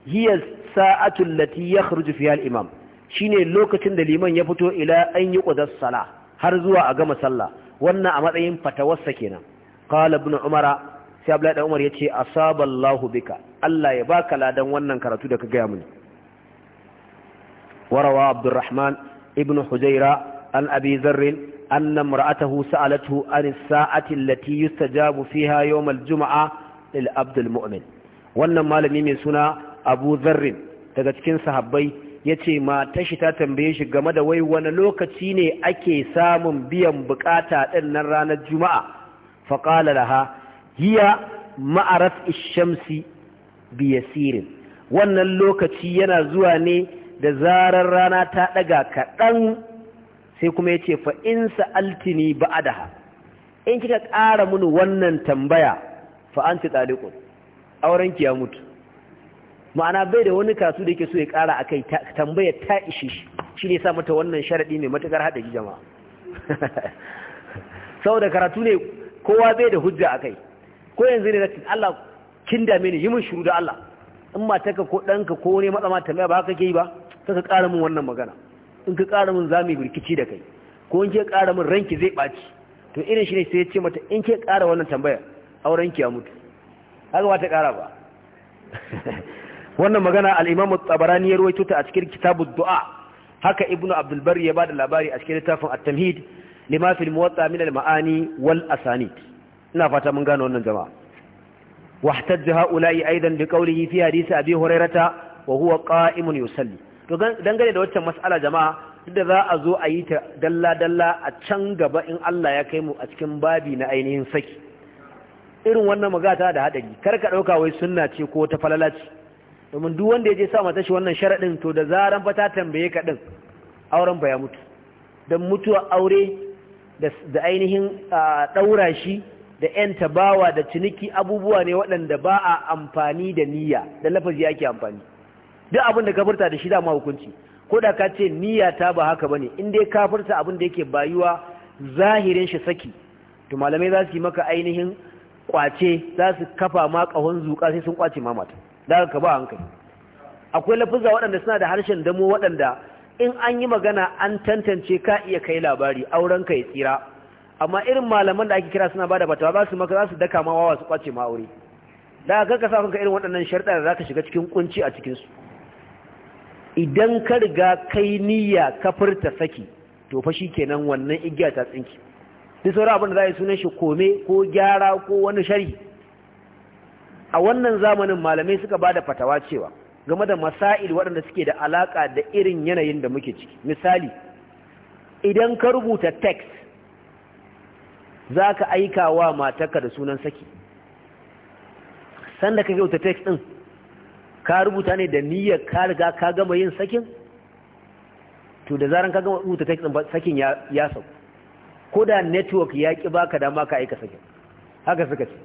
A: hiya sa'atu allati yakhruju fiha al-imam shine lokacin da liman ya fito ila an yi qudus sala har zuwa a gama sallah wannan a matsayin fatawarsa kenan qala ibn umara sai abdullahi dan umar yace asaballahu bika Allah ya baka ladan wannan karatu da ka ga mini warawa abdurrahman ibn hujaira an abi zarr anna imra'atahu sa'alathu an as-sa'ati allati yustajabu fiha yawm al-jum'a lil abd al-mu'min wannan malami mai suna abu zarrin daga cikin sahabbai ya ce shi ta tambaye shi game da wai wani lokaci ne ake samun biyan bukata ɗin nan ranar juma'a faƙala laha hiya ma'arat ishamsi biyasirin wannan lokaci yana zuwa ne da zarar rana ta ɗaga kaɗan sai kuma ya ce altini sa'altini ba'adaha in kika ƙara mini wannan tambaya fa fa'anci auren aurenki ya mutu ma'ana bai da wani kasu da ke so ya kara a kai tambayar ta ishe shi shi ne sa mata wannan sharaɗi mai matuƙar hadari jama'a [LAUGHS] saboda karatu ne kowa bai da hujja a kai ko yanzu ne zai Allah kin dame ni yi min shiru da Allah in ma taka ko danka ko wani matsama tambaya ba haka ke yi ba ka ƙara min wannan magana in ka ƙara min zamu birkici da kai ko in ke ƙara min ranki zai ɓaci to irin shi ne sai ya ce mata in ke ƙara wannan tambaya aurenki ya mutu haka ba ta ƙara ba [LAUGHS] wannan magana al-imamu tabarani ya rawaito ta a cikin kitabud du'a haka ibnu abdulbar ya ya bada labari a cikin littafin at-tamhid lima fil muwatta maani wal asanid ina fata mun gano wannan jama'a واحتج هؤلاء أيضا بقوله في حديث أبي هريرة وهو قائم To dangane da waccan mas'ala jama'a da za a zo a yi ta dalla-dalla a can gaba in Allah ya kai mu a cikin babi na ainihin saki irin wannan magata da haɗari kar ka ɗauka wai sunna ce ko ta falala ce domin duk wanda ya je sama mata shi wannan sharaɗin to da zaran fata ta tambaye ka ɗin auren ba ya mutu don mutuwa aure da ainihin ɗaura shi da ‘yan tabawa da ciniki abubuwa ne waɗanda ba a amfani da niyya da lafazi ake amfani duk abin da kafirta da shi dama hukunci ko da ka ce niyya ta ba haka ba ne, in dai kafirta abin da yake bayuwa zahirin shi saki to malamai za su yi maka ainihin kwace za su kafa ma ƙahon zuƙa sai sun kwace mamata da ka ba hankali akwai lafuzza waɗanda suna da harshen damo waɗanda in an yi magana an tantance ka iya kai labari auren ka ya tsira amma irin malaman da ake kira suna bada batawa za su maka za su daka ma wawa su kwace ma aure da ka kasa kanka irin waɗannan sharɗa da zaka shiga cikin kunci a cikin su idan ka riga kai niyya ka furta saki to fa shikenan wannan igiya ta tsinki duk sauran abin za a yi sunan shi kome ko gyara ko wani sharhi a wannan zamanin malamai suka ba da fatawa cewa game da masail waɗanda suke da alaƙa da irin yanayin da muke ciki misali idan ka rubuta text za ka aika wa matarka da sunan saki sanda ka rubuta text ɗin ka rubuta ne da niyyar ka riga ka gama yin sakin to da zaran ka gama rubuta text ɗin sakin ya sau ko da network ya ƙi baka dama ka aika sakin haka suka ce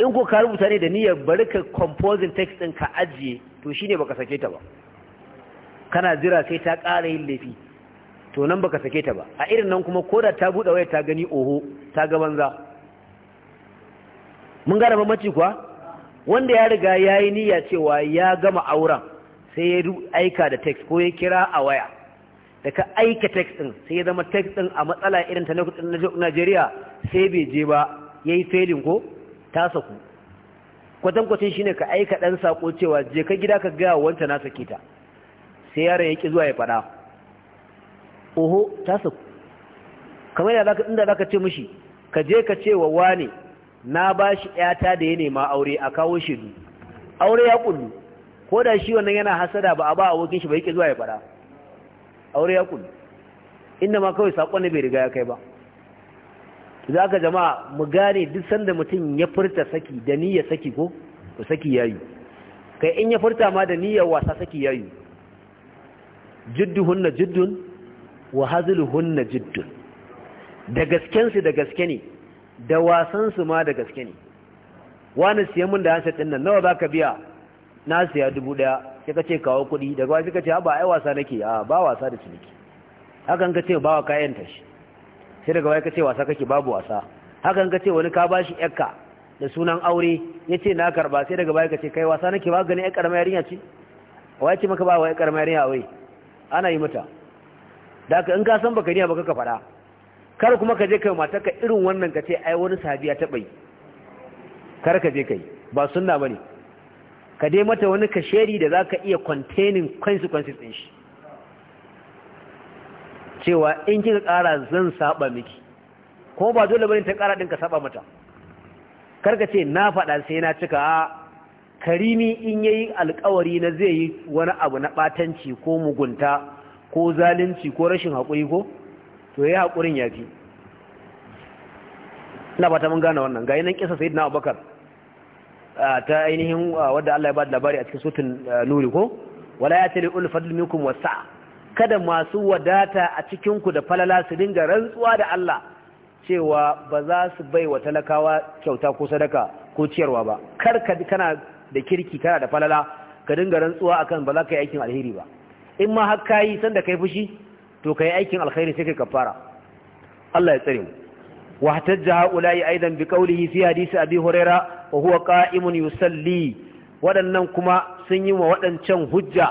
A: in ko ka rubuta ne da niyyar bari ka composing text ɗin ka ajiye to shine baka sake ta ba kana jira sai ta ƙara yin laifi to nan baka sake ta ba a irin nan kuma ko da ta buɗe waya ta gani oho ta ga banza mun gara mamaci kuwa wanda ya riga ya yi niyya cewa ya gama auren sai ya aika da text ko ya kira a waya da ka aika text din sai ya zama text din a matsala irin ta na Najeriya sai bai je ba ya yi failing ko ta saku kwatankwacin shine ka aika ɗan saƙo cewa je ka gida ka gaya wanta na sake ta sai yaron ya ƙi zuwa ya faɗa oho ta saku kamar inda za ka ce mishi ka je ka ce wa wane na ba shi ‘yata da ya nema aure a kawo shaidu aure ya kullu ko da shi wannan yana hasada ba a ba abokin shi ba yake zuwa ya fada aure ya kullu inda ma kawai sakon bai riga ya kai ba za ka jama'a mu gane duk sanda mutum ya furta saki da niyya saki ko ko saki yayi kai in ya furta ma da niyyar wasa saki yayi jidduhunna jiddun wa hazluhunna jiddun da gasken su da gaske ne da wasan su ma da gaske ne wani siyan mun da hansa dinnan nawa zaka biya na siya dubu daya sai ka ce kawo kuɗi daga wani suka ce ba ai wasa nake a ah, ba wasa da ciniki hakan ka ce ba wa kayan tashi sai daga waya kace wasa kake babu wasa hakan kace wani ka bashi yakka da sunan aure yace na karba sai daga baya kace kai wasa nake ba ganin yakkar yarinya ce waya ce maka ba wa yakkar yarinya wai ana yi mata da ka in ka san baka niya baka ka fada kar kuma ka je kai matarka irin wannan kace ai wani sahabiya ta bai kar ka je kai ba sunna bane ka dai mata wani kasheri da zaka iya containing consequences din shi cewa in kika kara zan saba miki ko ba dole bane ta kara din ka saba mata karka ce na faɗa sai na cika a karimi in yayi alƙawari na zai yi wani abu na ɓatanci ko mugunta ko zalunci ko rashin haƙuri ko to yayi haƙurin fi. ina ba ta mun gane wannan ga yanan kisa sayyidina Abubakar ta ainihin wadda Allah ya ba labari a cikin sutun nuri ko wala ya tali ulfatul minkum wasa kada masu wadata a cikinku da falala su dinga rantsuwa da Allah cewa ba za su bai wa talakawa kyauta ko sadaka ko ciyarwa ba kar ka kana da kirki kana da falala ka dinga rantsuwa akan ba za ka yi aikin alheri ba in ma har kayi san da kai fushi to kai aikin alkhairi sai kai kafara Allah ya tsare mu wa hatajja ulai aidan bi qawlihi fi hadisi abi huraira wa huwa qa'imun yusalli wadannan kuma sun yi wa wadancan hujja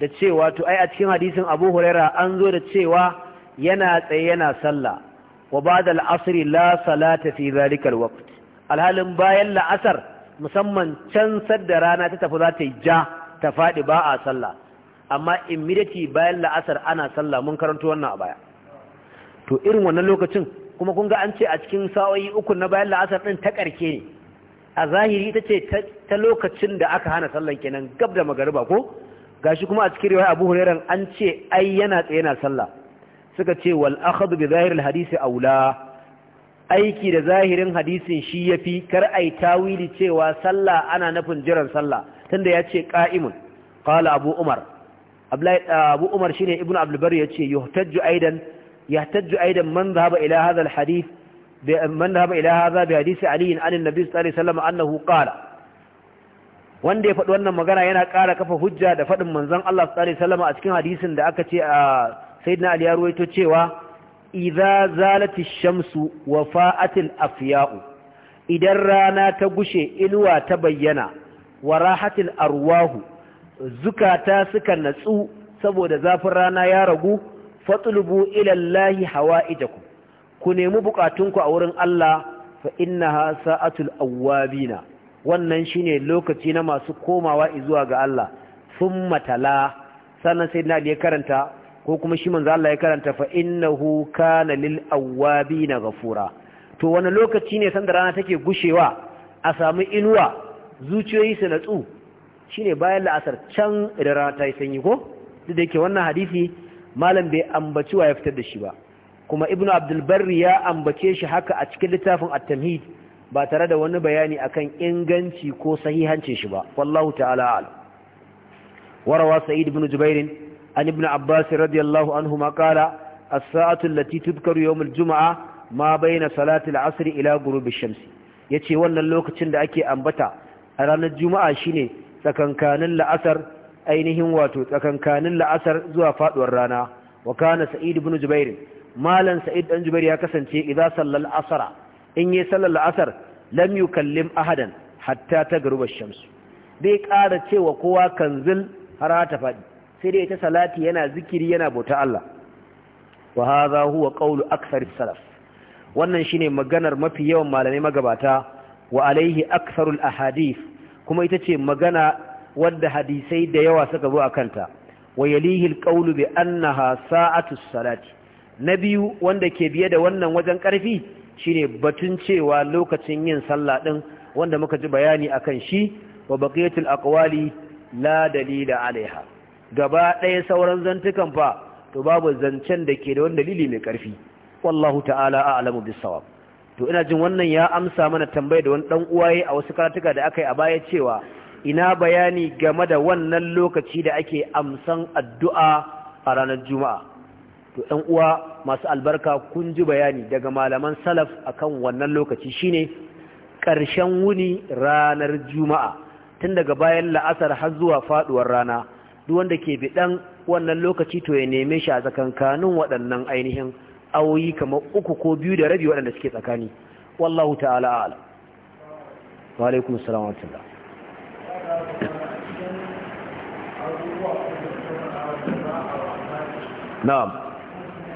A: da cewa to ai a cikin hadisin Abu Huraira an zo da cewa yana tsaye yana sallah wa ba'da al-asr la salata fi zalikal waqt alhalin bayan la'asar musamman can sadda rana ta tafi za ta yi ja ta faɗi ba a sallah amma immediately bayan la'asar ana sallah mun karanto wannan a baya to irin wannan lokacin kuma kun ga an ce a cikin sa'o'i uku na bayan la'asar din ta karke ne a zahiri ita ce ta lokacin da aka hana sallan kenan gab da magariba ko gashi kuma a cikin riwaya Abu Hurairah an ce ai yana tsaye yana sallah suka ce wal akhadhu bi zahiril hadisi aula aiki da zahirin hadisin shi yafi kar ai tawili cewa sallah ana nufin jiran sallah tunda ya ce qa'imun qala Abu Umar Abu Umar shine Ibn Abdul Bar yace yuhtajju aidan yahtaju aidan man dhahaba ila hadha al hadith man dhahaba ila hadha bi hadisi Ali an an-nabi sallallahu alaihi wasallam annahu qala wanda ya faɗi wannan magana yana ƙara kafa hujja da faɗin manzon Allah sallallahu alaihi a cikin hadisin da aka ce a sayyidina Ali ya ruwaito cewa idza zalati shamsu wa fa'atil afya'u idan rana ta gushe inuwa ta bayyana wa rahatil arwahu zukata suka natsu saboda zafin rana ya ragu fatulubu ila Allahi hawaijakum ku nemi bukatunku a wurin Allah fa innaha sa'atul awwabina wannan shine lokaci na masu komawa zuwa ga Allah sun matala sannan sai ya karanta ko kuma shi manzo Allah ya karanta fa innahu kana lil awabina ghafura to wani lokaci ne sanda rana take gushewa a sami inuwa zuciyoyi su natsu shine bayan la'asar can idan rana ta yi sanyi ko duk da yake wannan hadisi malam bai ambaci wa ya fitar da shi ba kuma ibnu abdul barri ya ambace shi haka a cikin littafin at ba tare da wani bayani akan inganci ko sahihancin shi ba wallahu ta'ala a'lam warawa sa'id ibn jubair an ibn abbas radiyallahu anhuma qala as-sa'atu allati tudhkaru yawm al-jum'a ma bayna salati al-'asr ila ghurub ash-shams yace wannan lokacin da ake ambata a ranar juma'a shine tsakankanin la'asar ainihin wato tsakankanin la'asar zuwa faduwar rana wa kana sa'id ibn jubair malan sa'id dan jubair ya kasance idza sallal asra in yi sallar la'asar lam kallin ahadan hatta ta garuba shamsu bai ƙara cewa kowa kanzil har ta faɗi sai dai ta salati yana zikiri yana bauta Allah wa hadha huwa qawlu akthar salaf wannan shine maganar mafi yawan malamai magabata wa alaihi aktharul ahadith kuma ita ce magana wadda hadisai da yawa suka zo a wa yalihi alqawlu bi annaha sa'atu salati na biyu wanda ke biye da wannan wajen ƙarfi shine batun cewa lokacin yin sallah ɗin, wanda muka ji bayani akan shi wa baqiyatul aqwali la dalila alaiha gaba ɗaya sauran zantukan fa to babu zancen da ke da wani dalili mai ƙarfi wallahu ta'ala a'lamu bis-sawab to ina jin wannan ya amsa mana tambayar da wani dan uwaye a wasu karatuka da aka yi a baya cewa ina bayani game da wannan lokaci da ake amsan addu'a a ranar juma'a to ɗan uwa masu albarka kun ji bayani daga malaman salaf akan wannan lokaci shine ƙarshen wuni ranar juma'a tun daga bayan la'asar har zuwa faɗuwar rana duk wanda ke biɗan wannan lokaci to ya neme shi a tsakankanin waɗannan ainihin awoyi kamar uku ko biyu da rabi waɗanda suke tsakani wallahu ta'ala ala wa alaikum wa na'am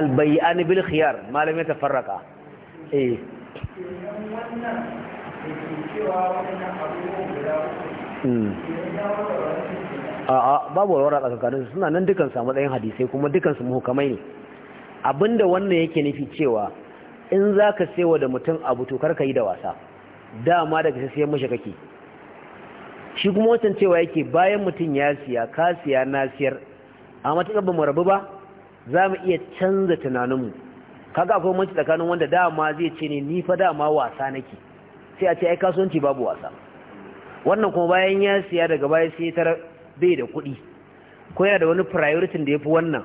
A: albayyani bil khiyar malamin ta farraka eh a'a babu warwara tsakanin suna nan dukan samu matsayin hadisai kuma dukan su muhukamai ne abinda wannan yake nufi cewa in zaka sewa da mutum abu to ka yi da wasa dama daga sai sayan mashi kake shi kuma wancan cewa yake bayan mutum ya siya ka siya na siyar a matuƙar ba mu rabu ba za mu iya canza tunaninmu kaga akwai manci tsakanin wanda dama zai ce ne ni fa dama wasa nake sai a ce ai kasuwanci babu wasa wannan kuma bayan ya siya daga baya sai ya tarar bai da kuɗi ko yana da wani priority da ya fi wannan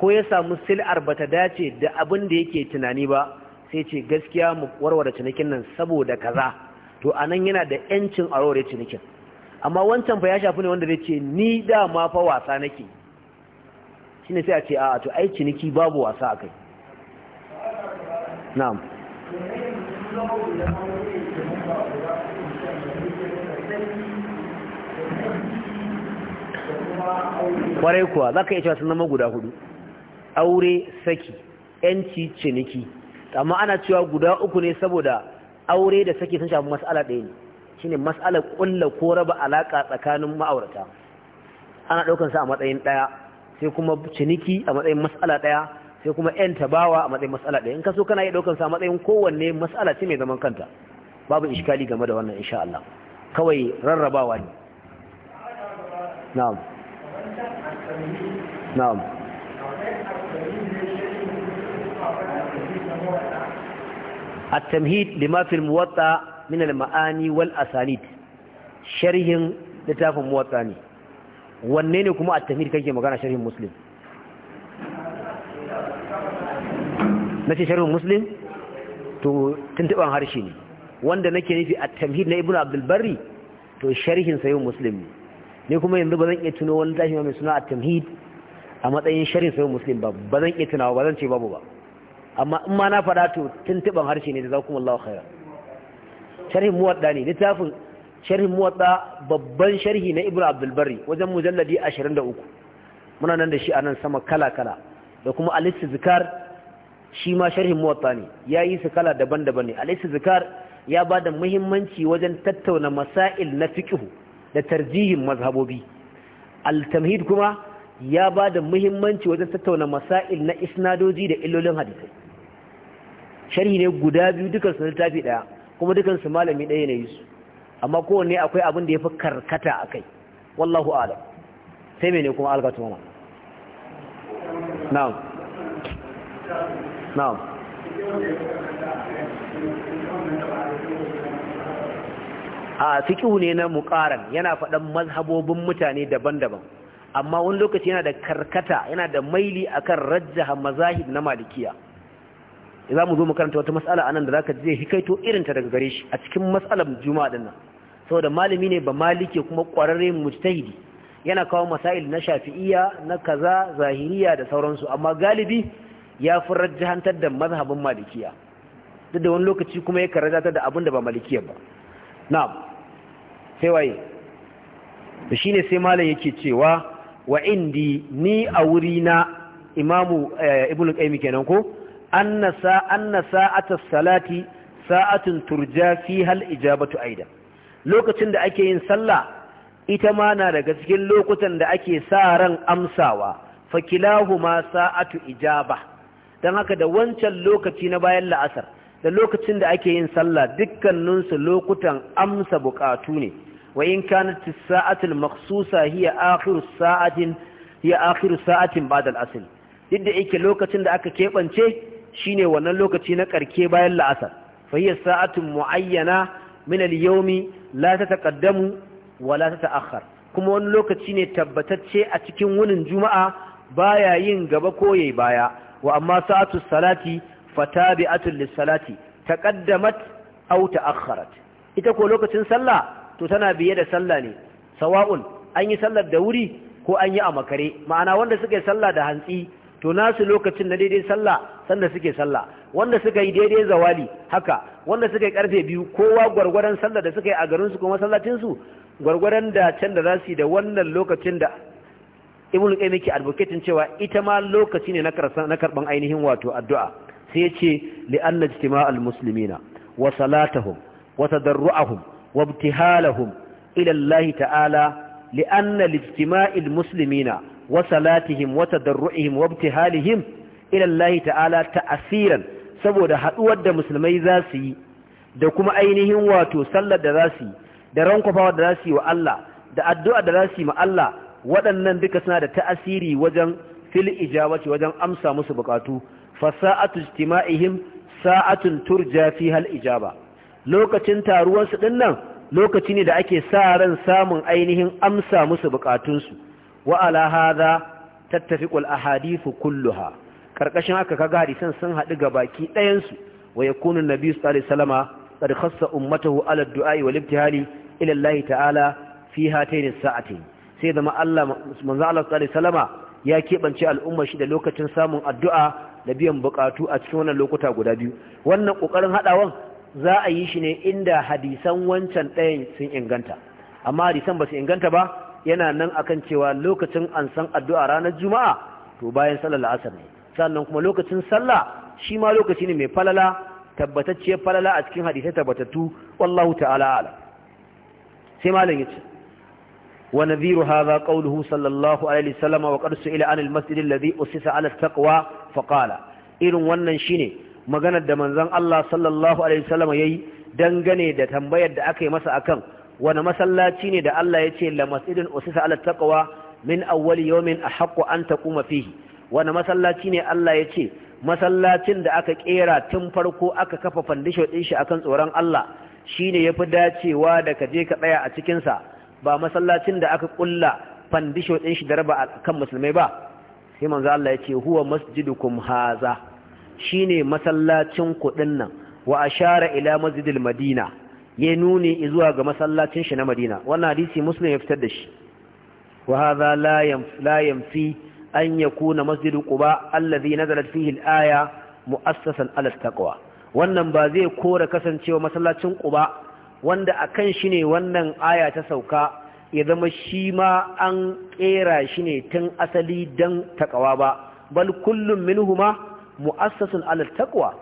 A: ko ya samu sil'ar ta dace da abin da yake tunani ba sai ce gaskiya mu warware cinikin nan saboda kaza to a nan yana da yancin a cinikin amma wancan fa ya shafi ne wanda zai ce ni dama fa wasa nake ne sai a ce a to ai ciniki babu wasa kai na'am kwarai kuwa za ka iya cewa sun zama guda hudu aure saki yanci ciniki amma ana cewa guda uku ne saboda aure da saki sun shafi mas'ala ɗaya ne ne matsalar ƙulla ko raba alaƙa tsakanin ma'aurata ana ɗaukansa a matsayin ɗaya sai kuma ciniki a matsayin mas'ala ɗaya sai kuma yan tabawa a matsayin mas'ala ɗaya in ka so kana iya ɗaukar sa a matsayin kowanne matsala ce mai zaman kanta babu ishkali game da wannan insha Allah kawai rarrabawa ne na'am na'am التمهيد لما في الموطأ من المعاني والأسانيد sharhin littafin موطأني ne wanne ne kuma at-tamhid kake magana sharhin muslim nace sharhin muslim to tuntuban harshe ne wanda nake nufi at-tamhid na ibnu abdul barri to sharhin sayyid muslim ne ni kuma yanzu ba zan iya tuno wani tashi mai suna at-tamhid a matsayin sharhin sayyid muslim ba ba zan iya tunawa ba zan ce babu ba amma in ma na faɗa to tuntuban harshe ne da zakumullahu khaira sharhin muwaddani ne littafin sharhin muwatta babban sharhi na ibnu abdulbari wajen mujalladi 23 muna nan da shi a nan sama kala-kala da kuma alisu zikar shi ma sharhin muwatta ne ya yi su kala daban-daban ne alisu zikar ya ba da muhimmanci wajen tattauna masail na fiƙihu da tarjihin mazhabobi al-tamhid kuma ya ba da muhimmanci wajen tattauna masail na isnadoji da illolin hadisai sharhi ne guda biyu dukansu littafi ɗaya kuma dukansu malami ɗaya ne yi su amma kowanne akwai abin da ya fi karkata a kai wallahu Adam sai ne kuma algatu mana na'am na'am a fiƙihu ne na mukaran yana faɗan mazhabobin mutane daban-daban amma wani lokaci yana da karkata yana da maili akan rajjaha mazahib na malikiya za mu zo mu karanta wata matsala anan da za zaka je hikaito irinta daga gare shi a cikin matsalar juma'a dinnan da malami ne ba malike kuma ƙwararre mujtahidi yana kawo masail na shafi'iyya na kaza zahiriya da sauransu amma galibi ya fi rajjahantar da mazhabin malikiya duk da wani lokaci kuma ya karanta da abin da ba malikiya ba na'am sai waye to shine sai malam yake cewa wa indi ni a wuri na imamu eh, ibn qayyim kenan ko anna sa anna salati sa'atun turja fiha al-ijabatu aidan lokacin da ake yin sallah ita ma na daga cikin lokutan da ake sa ran amsawa ma sa'atu ijaba dan haka da wancan lokaci na bayan la'asar da lokacin da ake yin sallah su lokutan amsa bukatu ne wa in kanat al makhsusa hiya akhiru sa'atin hiya akhiru sa'atin ba'da al-asr duk yake lokacin da aka kebance shine wannan lokaci na karke bayan la'asar fa hiya sa'atun muayyana min al-yawmi la ta taqaddamu wa la ta ta'akhkhar kuma wani lokaci ne tabbatacce a cikin wunin juma'a baya yin gaba ko yayi baya wa amma sa'atu salati fatabi'atu lis-salati taqaddamat aw ta'akhkharat ita ko lokacin sallah to tana biye da sallah ne sawa'un an yi sallar da wuri ko an yi a makare ma'ana wanda suka yi sallah da hantsi to nasu lokacin na daidai sallah sanda suke sallah wanda suka yi daidai zawali haka wanda suka yi karfe biyu kowa gwargwaran sallar da suka yi a su kuma sallacinsu gwargwaran da can da za su yi da wannan lokacin da ibn qayyim yake advocating cewa ita ma lokaci ne na karban ainihin wato addu'a sai yace li anna ijtima'al muslimina wa salatahum wa tadarru'ahum wa ibtihalahum ila Allah ta'ala li anna ijtima'al muslimina wa salatihim wa tadarru'ihim wa ibtihalihim ila Allah ta'ala ta'asiran saboda haɗuwar da musulmai za su yi da kuma ainihin wato sallar da za su yi da rankwafawa da za su yi wa Allah da addu'a da za su yi ma Allah waɗannan duka suna da ta'asiri wajen fil ijabati wajen amsa musu bukatu fasa'atu ijtima'ihim sa'atun turja fi hal ijaba lokacin taruwansu ɗin nan lokaci ne da ake sa ran samun ainihin amsa musu bukatun su wa ala hadha tattafiqu ahadithu kulluha karkashin haka kaga hadisan sun haɗu ga baki ɗayansu wa yakunu nabi sallallahu alaihi wasallama qad khassa ummatahu ala du'ai wal ibtihali ila Allah ta'ala fi hatayn sa'atin sai da Allah manzo Allah sallallahu alaihi ya kebance al'ummar shi da lokacin samun addu'a da biyan bukatu a cikin wannan lokuta guda biyu wannan kokarin hadawan za a yi shi ne inda hadisan wancan ɗayan sun inganta amma hadisan ba su inganta ba yana nan akan cewa lokacin an san addu'a ranar juma'a to bayan sallar la'asar ne sannan kuma lokacin sallah shi ma lokaci ne mai falala tabbatacciyar falala a cikin hadisai tabbatattu wallahu ta'ala ala sai malam yace wa nadhiru hadha qawluhu sallallahu alaihi wasallam wa qad su'ila anil masjid alladhi usisa ala taqwa fa qala irin wannan shine maganar da manzon Allah sallallahu alaihi wasallam yayi dangane da tambayar da aka yi masa akan wani masallaci ne da Allah ya ce la masjidin usisa ala taqwa min awwali yawmin ahaqqu an taquma fihi wani masallaci ne Allah ya ce masallacin da aka kera tun farko aka kafa fandisho ɗin shi akan tsoron Allah shine yafi dacewa da ka je ka tsaya a cikin sa ba masallacin da aka kulla fandisho ɗin shi da raba akan musulmai ba sai manzo Allah ya ce huwa masjidukum haza shine masallacin ku nan wa ashara ila masjidil madina ya nuni zuwa ga masallacin shi na madina wannan hadisi muslim ya fitar da shi wa hadha la yamfi an yakuna masjidu quba allazi nazalat fihi al-aya mu'assasan ala taqwa wannan ba zai kora kasancewa masallacin quba wanda akan shi ne wannan aya ta sauka ya zama shi ma an kera shi ne tun asali dan taqwa ba bal kullum minhuma mu'assasun ala taqwa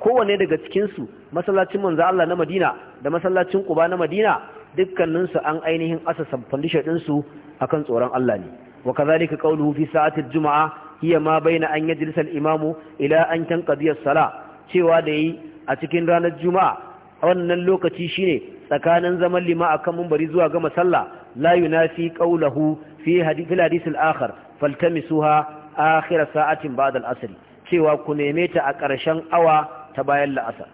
A: kowanne daga cikin su masallacin manzo Allah na Madina da masallacin Quba na Madina dukkaninsu an ainihin asasan foundation din su akan tsoron Allah ne وكذلك قوله في ساعة الجمعة هي ما بين أن يجلس ila إلى أن تنقضي الصلاة cewa da yi a cikin ranar juma'a a wannan lokaci shine tsakanin zaman lima a kan mumbari zuwa gama sallah layu na qawluhu fi hadithil hadith al-akhar faltamisuha akhir sa'atin badal asiri cewa ku neme ta a ƙarshen awa ta bayan la'asar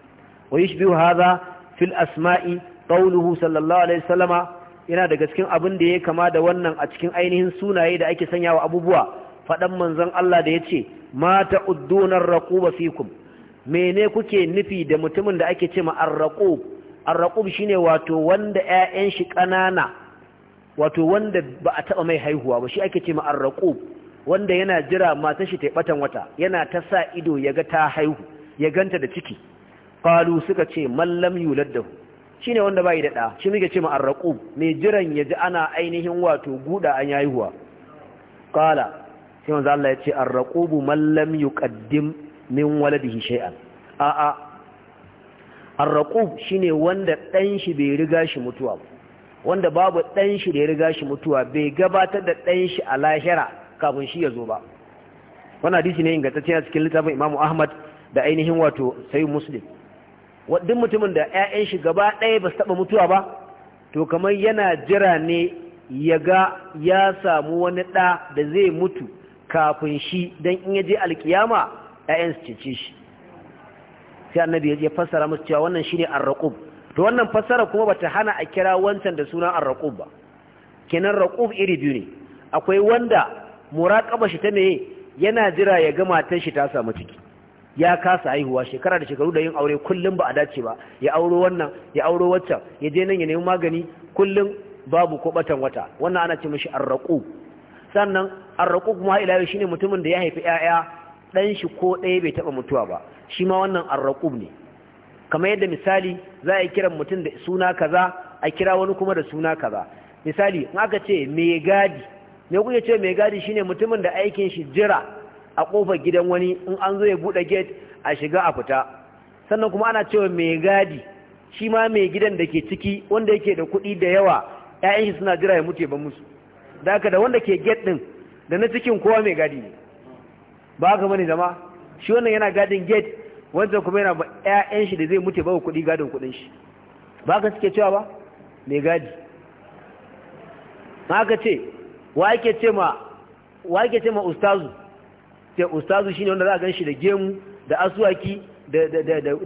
A: wa yushbihu hadha fil asma'i qawluhu sallallahu yana daga cikin abin da ya kama da wannan a cikin ainihin sunaye da ake sanya wa abubuwa faɗan manzon Allah da ya ce mata uddunar raquba fikum mene kuke nufi da mutumin da ake ce ma arraqub arraqub shine wato wanda ƴaƴan shi ƙanana wato wanda ba a taba mai haihuwa ba shi ake ce ma wanda yana jira matar shi ta wata yana ta sa ido yaga ta haihu ya ganta da ciki qalu suka ce mallam yuladdahu shine wanda bai da da shi muke ce ma arraqub mai jiran yaji ana ainihin wato guda an yayi huwa qala sai manzo Allah ya ce arraqubu man lam yuqaddim min waladihi shay'an a a arraqub shine wanda dan shi bai riga shi mutuwa wanda babu dan shi da ya riga shi mutuwa bai gabatar da dan shi a lahira kafin shi ya zo ba wannan hadisi ne ingantacce a cikin littafin Imam Ahmad da ainihin wato sai Muslim duk mutumin da 'ya'yan shi gaba ɗaya ba su taɓa mutuwa ba to kamar yana jira ne ya ga ya samu wani ɗa da zai mutu kafin shi don in yaje je alkiyama 'ya'yan su cece shi sai annabi ya fassara musu cewa wannan shi shine arraqub to wannan fassara kuma bata hana a kira wancan da sunan arraqub ba kenan raƙub iri biyu ne akwai wanda muraqaba shi ta meye yana jira ya ga matar shi ta samu ciki ya kasa haihuwa shekara da shekaru da yin aure kullum ba a dace ba ya auro wannan ya auro waccan ya je nan ya nemi magani kullum babu ko batan wata wannan ana ce mishi arraqu sannan arraqu kuma ila yau shine mutumin da ya haifi ƴaƴa dan shi ko ɗaya bai taba mutuwa ba shi ma wannan arraqu ne kamar yadda misali za a yi kiran mutum da suna kaza a kira wani kuma da suna kaza misali in aka ce mai gadi me kuke ce mai gadi shine mutumin da aikin shi jira a kofar gidan wani in an zo ya bude gate a shiga a fita sannan kuma ana cewa mai gadi shi ma mai gidan da ke ciki wanda yake da kuɗi da yawa ƴaƴan shi suna jira ya mutu ba musu da haka da wanda ke gate din da na cikin kowa mai gadi ne ba haka bane zama shi wannan yana gadin gate wanda kuma yana ba ƴaƴan shi da zai mutu ba kuɗi gadin kuɗin shi ba haka suke cewa ba mai gadi haka ce wa ce ma wa ake ce ma ustazu sai ustazu shi ne wanda za a ganshi da gemu da aswaki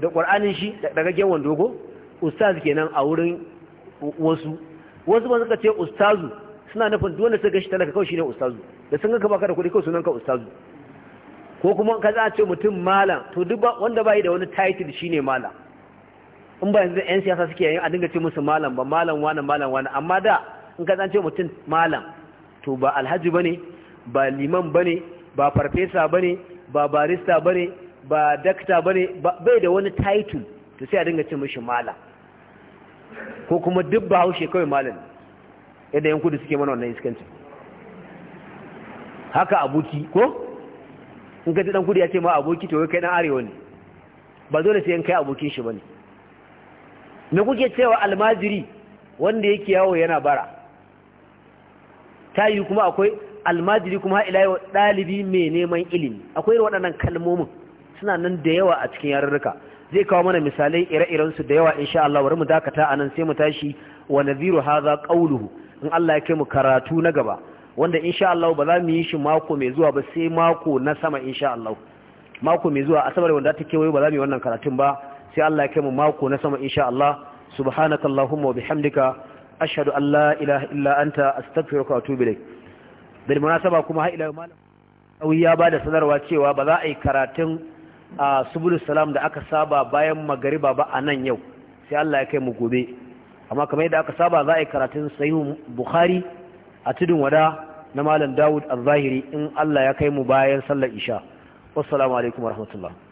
A: da ƙwar'anin shi daga gemun dogo ustaz kenan a wurin wasu wasu ba suka ce ustazu suna nufin dole suka gashi talaka kawai ne ustazu da sun gaka baka da kuɗi kawai sunan ka ustazu ko kuma ka za a ce mutum malam to duk wanda yi da wani title shi ne malam in ba yanzu yan siyasa suke yin a dinga ce musu malam ba malam wani malam wani amma da in ka ce mutum malam to ba alhaji ba ne, ba liman ba ne. ba farfesa bane ba barista bane ba dakta bane bai da wani title ta sai a dinga cin mashi mala ko kuma duk ba haushe kawai malam yadda yan kudu suke mana wannan iskancin haka aboki ko in ka ji dan kudu ya ce ma aboki to kai dan arewa ne ba dole sai yan kai abokin shi ba ne. me kuke cewa almajiri wanda yake yawo yana bara ta yi kuma akwai almajiri kuma ila yau ɗalibi mai neman ilimi akwai waɗannan kalmomin suna nan da yawa a cikin yarurruka zai kawo mana misalai ire-iren su da yawa insha Allah bari mu dakata anan sai mu tashi wa naziru hadha qawluhu in Allah ya kai mu karatu na gaba wanda insha Allah ba za mu yi shi mako mai zuwa ba sai mako na sama insha Allah mako mai zuwa asabar wanda ta kewaye ba za mu yi wannan karatun ba sai Allah ya kai mu mako na sama insha Allah subhanakallahumma wa bihamdika ashhadu an la ilaha illa anta astaghfiruka wa atubu ilayk bil munasaba kuma har ila malam awi ya bada sanarwa cewa ba za a yi karatun a subulus salam da aka saba bayan magariba ba a nan yau sai Allah ya kai mu gobe amma kamar yadda aka saba za a yi karatun sahihu bukhari a tudun wada na malam dawud al-zahiri in Allah ya kai mu bayan sallar isha wassalamu alaikum warahmatullahi